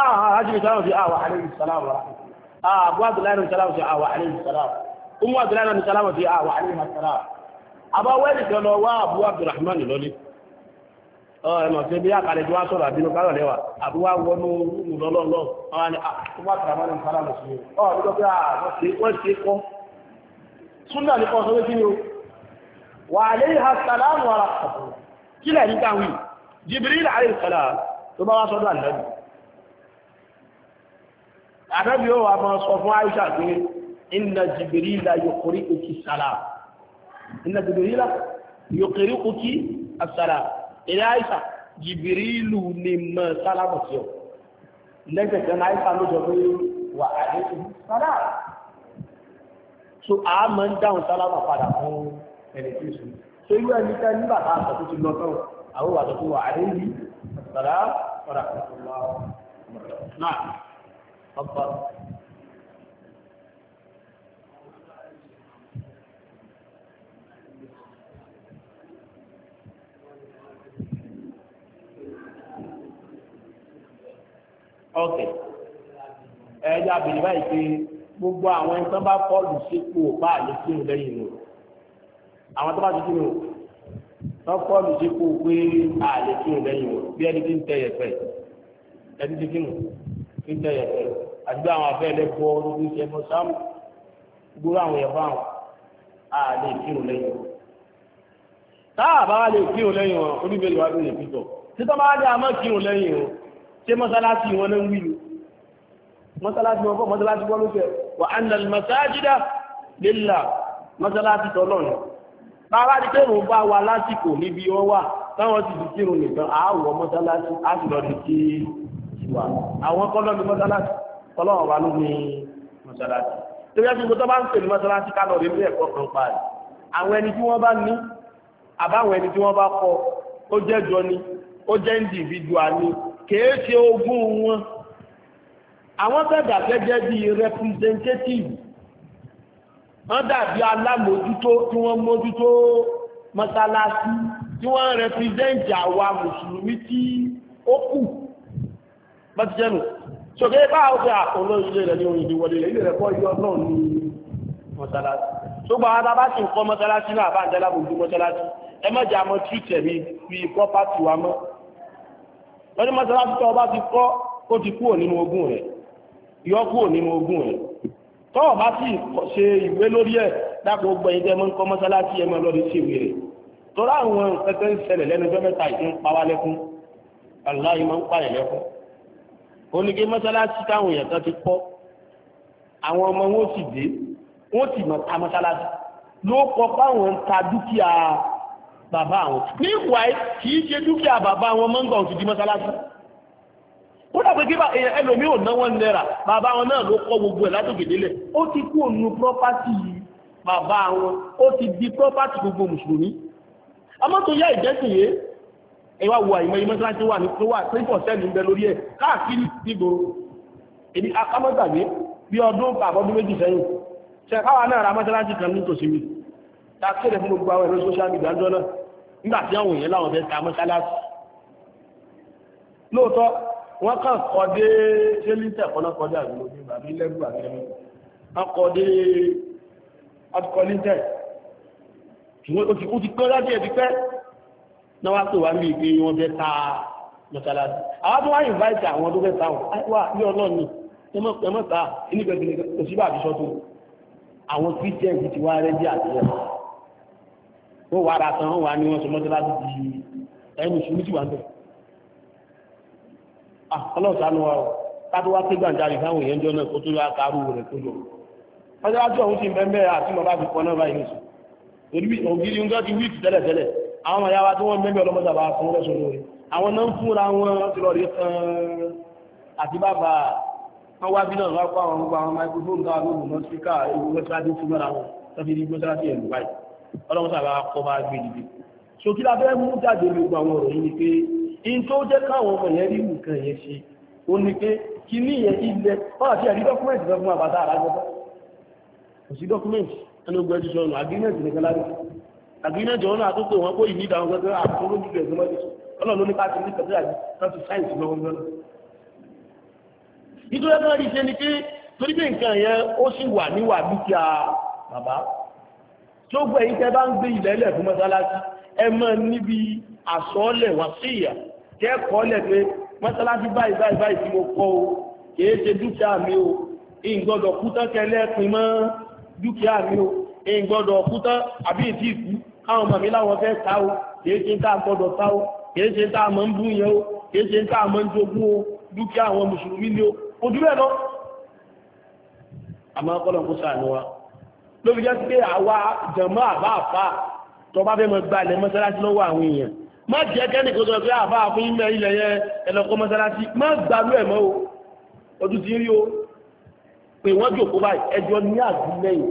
ah, ah, alájì mi sálárọ̀ sí àwà ah, aléyìí salam wà rahmatullah àbú abdullahi ní sálárọ̀ sí àwà aléyìí ẹmọ̀ tí ó bí àkàlẹ̀ tí wá sọ̀rọ̀ àbínú kárọ̀ lẹ́wà àbí wá wọnú ìlọ́lọ́lọ́ àwọn àwọn àtàwọn ìfàlà lọ sí ọ àbúkọ́ pé àwọn ṣe kọ́ súnà ní kan sọ́wọ́ kí ni o wà lè ha sàlámù ara kọ̀kọ̀ kí lẹ̀ níta wí Jibril alayhi salam tó bá wá sọ́dọ̀ àlẹ́bì àbẹ́bí ìrẹ́ àìsà jìbìrí ìlú ni mọ̀ sálámù sí ọ lẹ́gbẹ̀ẹ́ náà àìsà ló sọ pé wà á ní so a máa ń dáhùn sálámù padà fún ẹni tí ó sùn so irú ẹni tẹ́ nígbà tá a sọ tó ti lọ tán àwọn wà tó tó wà á ní padà fún ọmọ náà ọgbà. ọ̀kẹ́ ẹ̀yà bèrè báyìí pé gbogbo àwọn ẹni tó bá fọ́ọ̀lù sípò bá àlè sí ìlú lẹ́yìn nù àwọn tó bá ti dúró tó fọ́ọ̀lù sípò pé àlè sí ìlú lẹ́yìn nù bí ẹni tí ń tẹ yẹ̀pẹ̀ ẹni tí kìnnù ń tẹ yẹ̀pẹ̀ àti bí àwọn abẹ́ẹ̀lẹ́ bọ́ ọdún ṣe mọ́ sáàmù gbogbo àwọn ẹ̀fọ́ àwọn àlè sí ìlú lẹ́yìn nù táà bá lè kírun lẹ́yìn wọn oníbẹ̀rẹ̀ wá ṣé mọ́sálásí wọn náà ń wí ni mọ́sálásí wọn kọ́ mọ́sálásí wọn lókè wà á nà mọ́sáájídá lélà mọ́sálásí tọ́lọ̀ ni bàbá ti tẹ́rù bá wa lásìkò níbi wọn wà táwọn ti dìtì rùn nìkan àáwọ̀ mọ́sálásí á sì lọ dìtì ìwà àwọn kọ́lọ́ ní mọ́sálásí kọ́lọ́ ọ̀bá ló ní mọ́sálásí tó yẹ kí gbogbo tó bá ń pè ní mọ́sálásí ká rí ilé ẹ̀kọ́ kan pa àwọn ẹni tí wọ́n bá ní àbáwọn ẹni tí wọ́n bá kọ ó jẹ́ jọ ni ó jẹ́ individual ni kèé ṣe ogún wọn àwọn bẹ̀dà gẹ́gẹ́ bí representative wọ́n dàbí alámòjútó tí wọ́n mójútó mọ́sálásí tí wọ́n represent àwa mùsùlùmí tí ó kù bọ́tíjẹ́nù ṣògbé bá ọ̀fẹ́ àkọlọ́ìṣẹ́ rẹ̀ ní orin ìdíwọlé ilé rẹ̀ kọ́ yọ náà ní mọ́sálásí ṣùgbọ́n àwọn bá sì ń kọ́ mọ́sálásí náà bá ń jẹ́ lábòjú mọ́sálásí ẹ mọ́jà mọ́ tírìtẹ̀ mi fi property wa mọ́ wọ́n ní mọ́sálásí tó bá ti kọ́ ó ti kúrò nínú ogún rẹ̀ yọ kúrò nínú ogún rẹ̀ tó bá sì ṣe ìwé lórí ẹ̀ dákun gbọ́ ẹ̀yin tẹ́ mọ́ ń kọ́ mọ́sálásí ẹ̀ máa lọ́ọ́ ṣèwé rẹ̀ torí àwọn nǹkan tó ń ṣẹlẹ̀ lẹ́nu ọjọ́ mẹ́ta yìí ń pa wá lẹ́kún aláì máa ń pààyàn lẹ́kún oníke mọ́sálásí táwọn èèyàn kan ti kọ́ àwọn ọmọ wọn sì dé wọn sì mọ̀ ta mọ́sálásí ló kọ bàbá àwọn ní ìwà kìí ṣe dúkìá bàbá wọn mọ́ngà òtù di mọ́sálásí ó dàgbé kí ẹlòmí ò náwó náírà bàbá wọn náà ló kọ́ gbogbo ẹ̀ látòkè délẹ̀ ó ti kú ònú pírọ́pátì bàbá wọn ó ti di pírọ́pátì gbogbo mùsùlùmí àmọ́ tó yá ìjẹ́sìn yé ẹwà wo àìmọ́ iye mọ́sálásí wà ní tó wà three percent ń bẹ lórí ẹ̀ káàkiri nígboro èdè akámọ́tàgbé bí ọdún àbọ̀dún méjì sẹ́yìn ṣe káwa náà ra mọ́sálásí kan nítòsí mi ta kéde fún gbogbo àwọn ẹ̀rọ social media ń jọ náà nígbà tí àwọn èèyàn láwọn fẹ́ ta mọ́ṣáláṣí lóòótọ́ wọ́n kàn kọ́ dé ṣé lítẹ̀ kọ́nà kọjá àgbègbè òbí bàbí lẹ́rù àgbẹ̀mí wọ́n kọ́ dé ọkọ̀ lítẹ̀ ṣùgbọ́n ó ti pẹ́ láti ẹ̀bí pẹ́ náà wá pè wá mí pé wọ́n fẹ́ ta mọ́ṣáláṣí àwọn tó wá invite àwọn tó fẹ́ ta wọn wá ní ọlọ́ọ̀ni ẹmọ́ta nígbàgbìnrin kò sí bàbí sọ́tò àwọn christian ti wá rẹ́dí àti ẹ̀rọ ó wà ara tán wà ní wọ́n sọ mọ́tò láti di ẹni ìṣúlú sì wà bẹ̀. Ah, ọlọ́ọ̀sá ló wà ó kátó wá pé gbàǹjarì fáwọn èèyàn jọ náà kó tó yá kárú rẹ̀ tó jọ. wọ́n dájú ọ̀hún ti ń bẹ́ mẹ́ra àti bàbá fi pọn náà báyìí nìṣẹ́. ògiri ń gán ti wíìtì tẹ́lẹ̀tẹ́lẹ̀ àwọn ọmọ yàrá tí wọ́n mẹ́mẹ́ ọlọ́mọdàbà fún lọ́sọ̀ lórí àwọn náà ń fúnra wọn ti lọ rí kan àti bàbá wọ́n wá bí náà wá kó àwọn gbogbo àwọn máikrófóònù káwọn lóògùn náà síkà ewu mẹ́sàdé fún mẹ́ra wọn tọ́fi ní gbọ́sára sí ẹ̀lú báyìí ọlọ́run sábà kọ́ bá gbé dìde so kí la fẹ́ mú jáde gbogbo àwọn ọ̀rọ̀ yìí ni pé in tó jẹ́ káwọn ọmọ yẹn rí nǹkan yẹn ṣe ó ní pé kí ní ìyẹn ilẹ̀ wọ́n àti ẹ̀rí dọ́kúmẹ̀ntì fẹ́ fún àbáta àrágbọ́ta kò sí dọ́kúmẹ̀ntì ẹni ogun ẹjọ́ sọ̀rọ̀ agreement nìkan lábẹ́ agreement ọ̀nà àtúntò wọn kó ìní ìdáwọn gẹ́gẹ́ àtúntò gẹ́gẹ́ mọ́ ọlọ́run ní káàkiri ní pẹ̀lú àti láti sáyẹ̀nsì lọ́wọ́ lọ́nà nítorí ẹgbẹ́ rí ṣe ni pé torí pé nǹkan yẹn ó sì wà níwà dúkìá tí ó gbẹ̀yìn tẹ́ bá ń gbé ilẹ̀ ilẹ̀ fún mọ́sálásí ẹ mọ́ níbi àsọ́ọ́lẹ̀ wà sí ìyà kẹ́kọ̀ọ́lẹ̀ pé mọ́sálásí báyìí báyìí báyìí tí mo kọ́ o kìí ṣe dúkìá mi o ìgbọ́dọ̀ kútán kẹlẹ́ pin mọ́ dúkìá mi o ìgbọ́dọ̀ kútán àbí ìtì ìkú káwọn màmí láwọn fẹ́ ta o kìí ṣe tá a gbọ́dọ̀ ta o kìí ṣe tá a mọ́ ń bú yẹn o kìí ṣe tá a mọ́ ń jogún o ló fi jẹ́ pé àwa jàmá àbá àfà tó bá fẹ́ mọ́ gbalẹ̀ mọ́sálásí lọ́wọ́ àwọn èèyàn má jẹ́ kẹ́ni kò sọ pé àfà fún ilẹ̀ ilẹ̀ yẹn ẹlọ́kọ́ mọ́sálásí má gbàlú ẹ̀mọ́ o ojú ti rí o pé wọ́n jòkó báyìí ẹjọ́ ní àgbélẹ̀yìn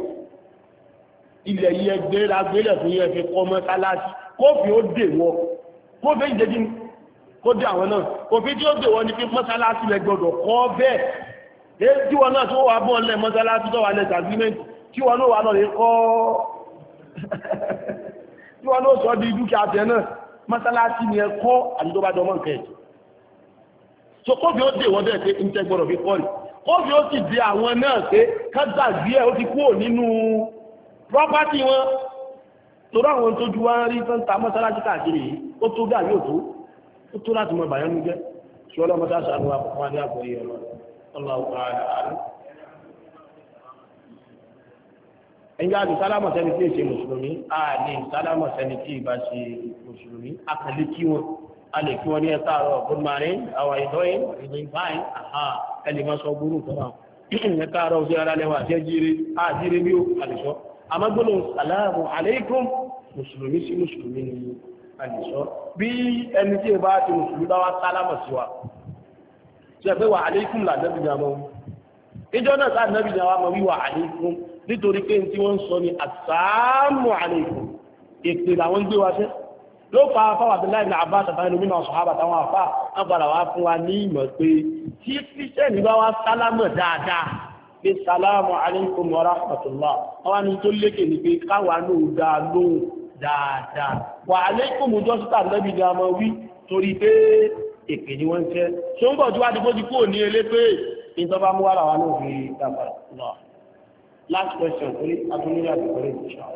ilẹ̀ yìí ẹgbẹ́ la gbélẹ̀ fún yẹn fi kọ́ mọ́sálásí kófì ó dè wọ kófì ìdẹ́jì kó dé àwọn náà òfin tí ó dè wọ ni pé mọ́sálásí lẹ gbọ́dọ̀ kọ́ bẹ́ẹ̀ èyí tí wọn náà tó wà bọ́ọ̀lẹ̀ mọ́sálásí tó wà lẹ́sàgbímẹ́ntì kí wọn náà wà lọ lè kọ́ kí wọn náà sọ di dúkìá tẹ náà mọ́sálásí ni ẹ kọ́ àti tó bá jọmọ́ nǹkan ẹ̀jẹ̀ so kófì ó dè wọ́n bẹ́ẹ̀ pé ń tẹ́ gbọ́dọ̀ fi kọ́ ni kófì ó sì di àwọn náà pé ká gbàgbé ẹ̀ ó ti kúrò nínú property wọn torí àwọn tó ju wá ń rí tán ta mọ́sálásí káàkiri yìí ó tó dà yóò láti mọ bàyánú jẹ́ ṣùgbọ́n ọlọ́mọdé àṣà àdúrà fún wa ní àgbọ̀yé ọlọ́run ẹ̀yà àti sálámọ̀ sẹ́ni tí èsè mùsùlùmí ààlè sálámọ̀ sẹ́ni tí ìbá ṣe mùsùlùmí àkàlẹ̀ kí wọn a lè kí wọn ní ẹ̀ta àrọ̀ good morning our enjoying reading fine aha ẹlẹ́mọ̀ sọ gbúrú tọ́lá ẹ̀ta àrọ̀ sí ara lẹ́wà sí ẹjíire àjíire ní ó àlẹ́sọ́ àmọ́gbọ́nà sàlámù aleikum mùsùlùmí sí mùsùlùmí ni àlẹ́sọ́ bí ẹni tí ìbá ti mùsùlùmí bá wá sálámọ̀ sí wa ṣe pé wà aleikum là nẹ́bìnrin ìjọ náà sá nẹ́bìnrin àmọ́ wíwà aleikum nítorí pé tí wọ́n ń sọ ni àsáàmù àlejò èpè làwọn gbé wa sẹ́ ló fa afáwà bí láì náà bá àtàtà nínú àwọn sọ̀hábà táwọn afá agbára wa fún wa ní ìmọ̀ pé tí kírísítẹ́nì bá wá sálámọ̀ dáadáa pé sálámù alaykum wa rahmatullah wọ́n wá ní tó lékè ní pé káwa wà ní last question pé abúlé àdúgbò rẹ̀ ìṣọ́.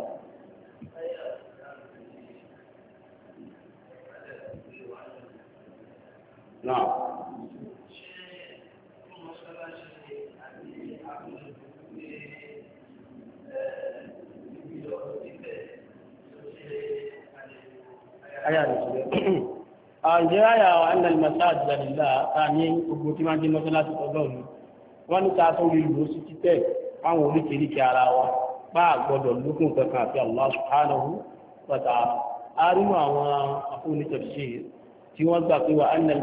Now, àjẹ́ àyà àwọn alìmọ̀sáàjì àdìlá ta ní ogun tí máa jẹ́ mọ́sánlá ti tọ́gbọ́n ní wọ́n ní ta tó rí lò sí títẹ́ fáwọn oríkèéríkè ara wa bá a gbọ́dọ̀ lókun kankan àti Allah subhanahu wa ta'ala arínú àwọn afúnitẹ̀sí tí wọ́n gbà pé wà ánà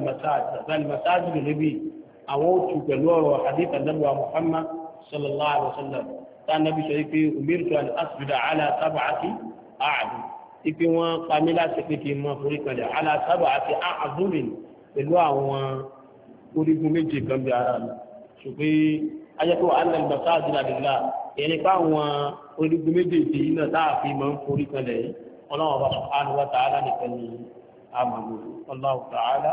masáàjì lè níbi àwọn òtù pẹ̀lú ọ̀rọ̀ hadith annabuwa sọ ajẹ́pẹ́ wà á lẹ́nu bàtà àdìlàdìlà ẹni káwọn orígun méjèèjì yìí náà tá a fi máa ń forí kanlẹ̀ yìí ọlọ́run ọba subhanahu wa ta'ala nìkan ni a máa mú ọlọ́run ta'ala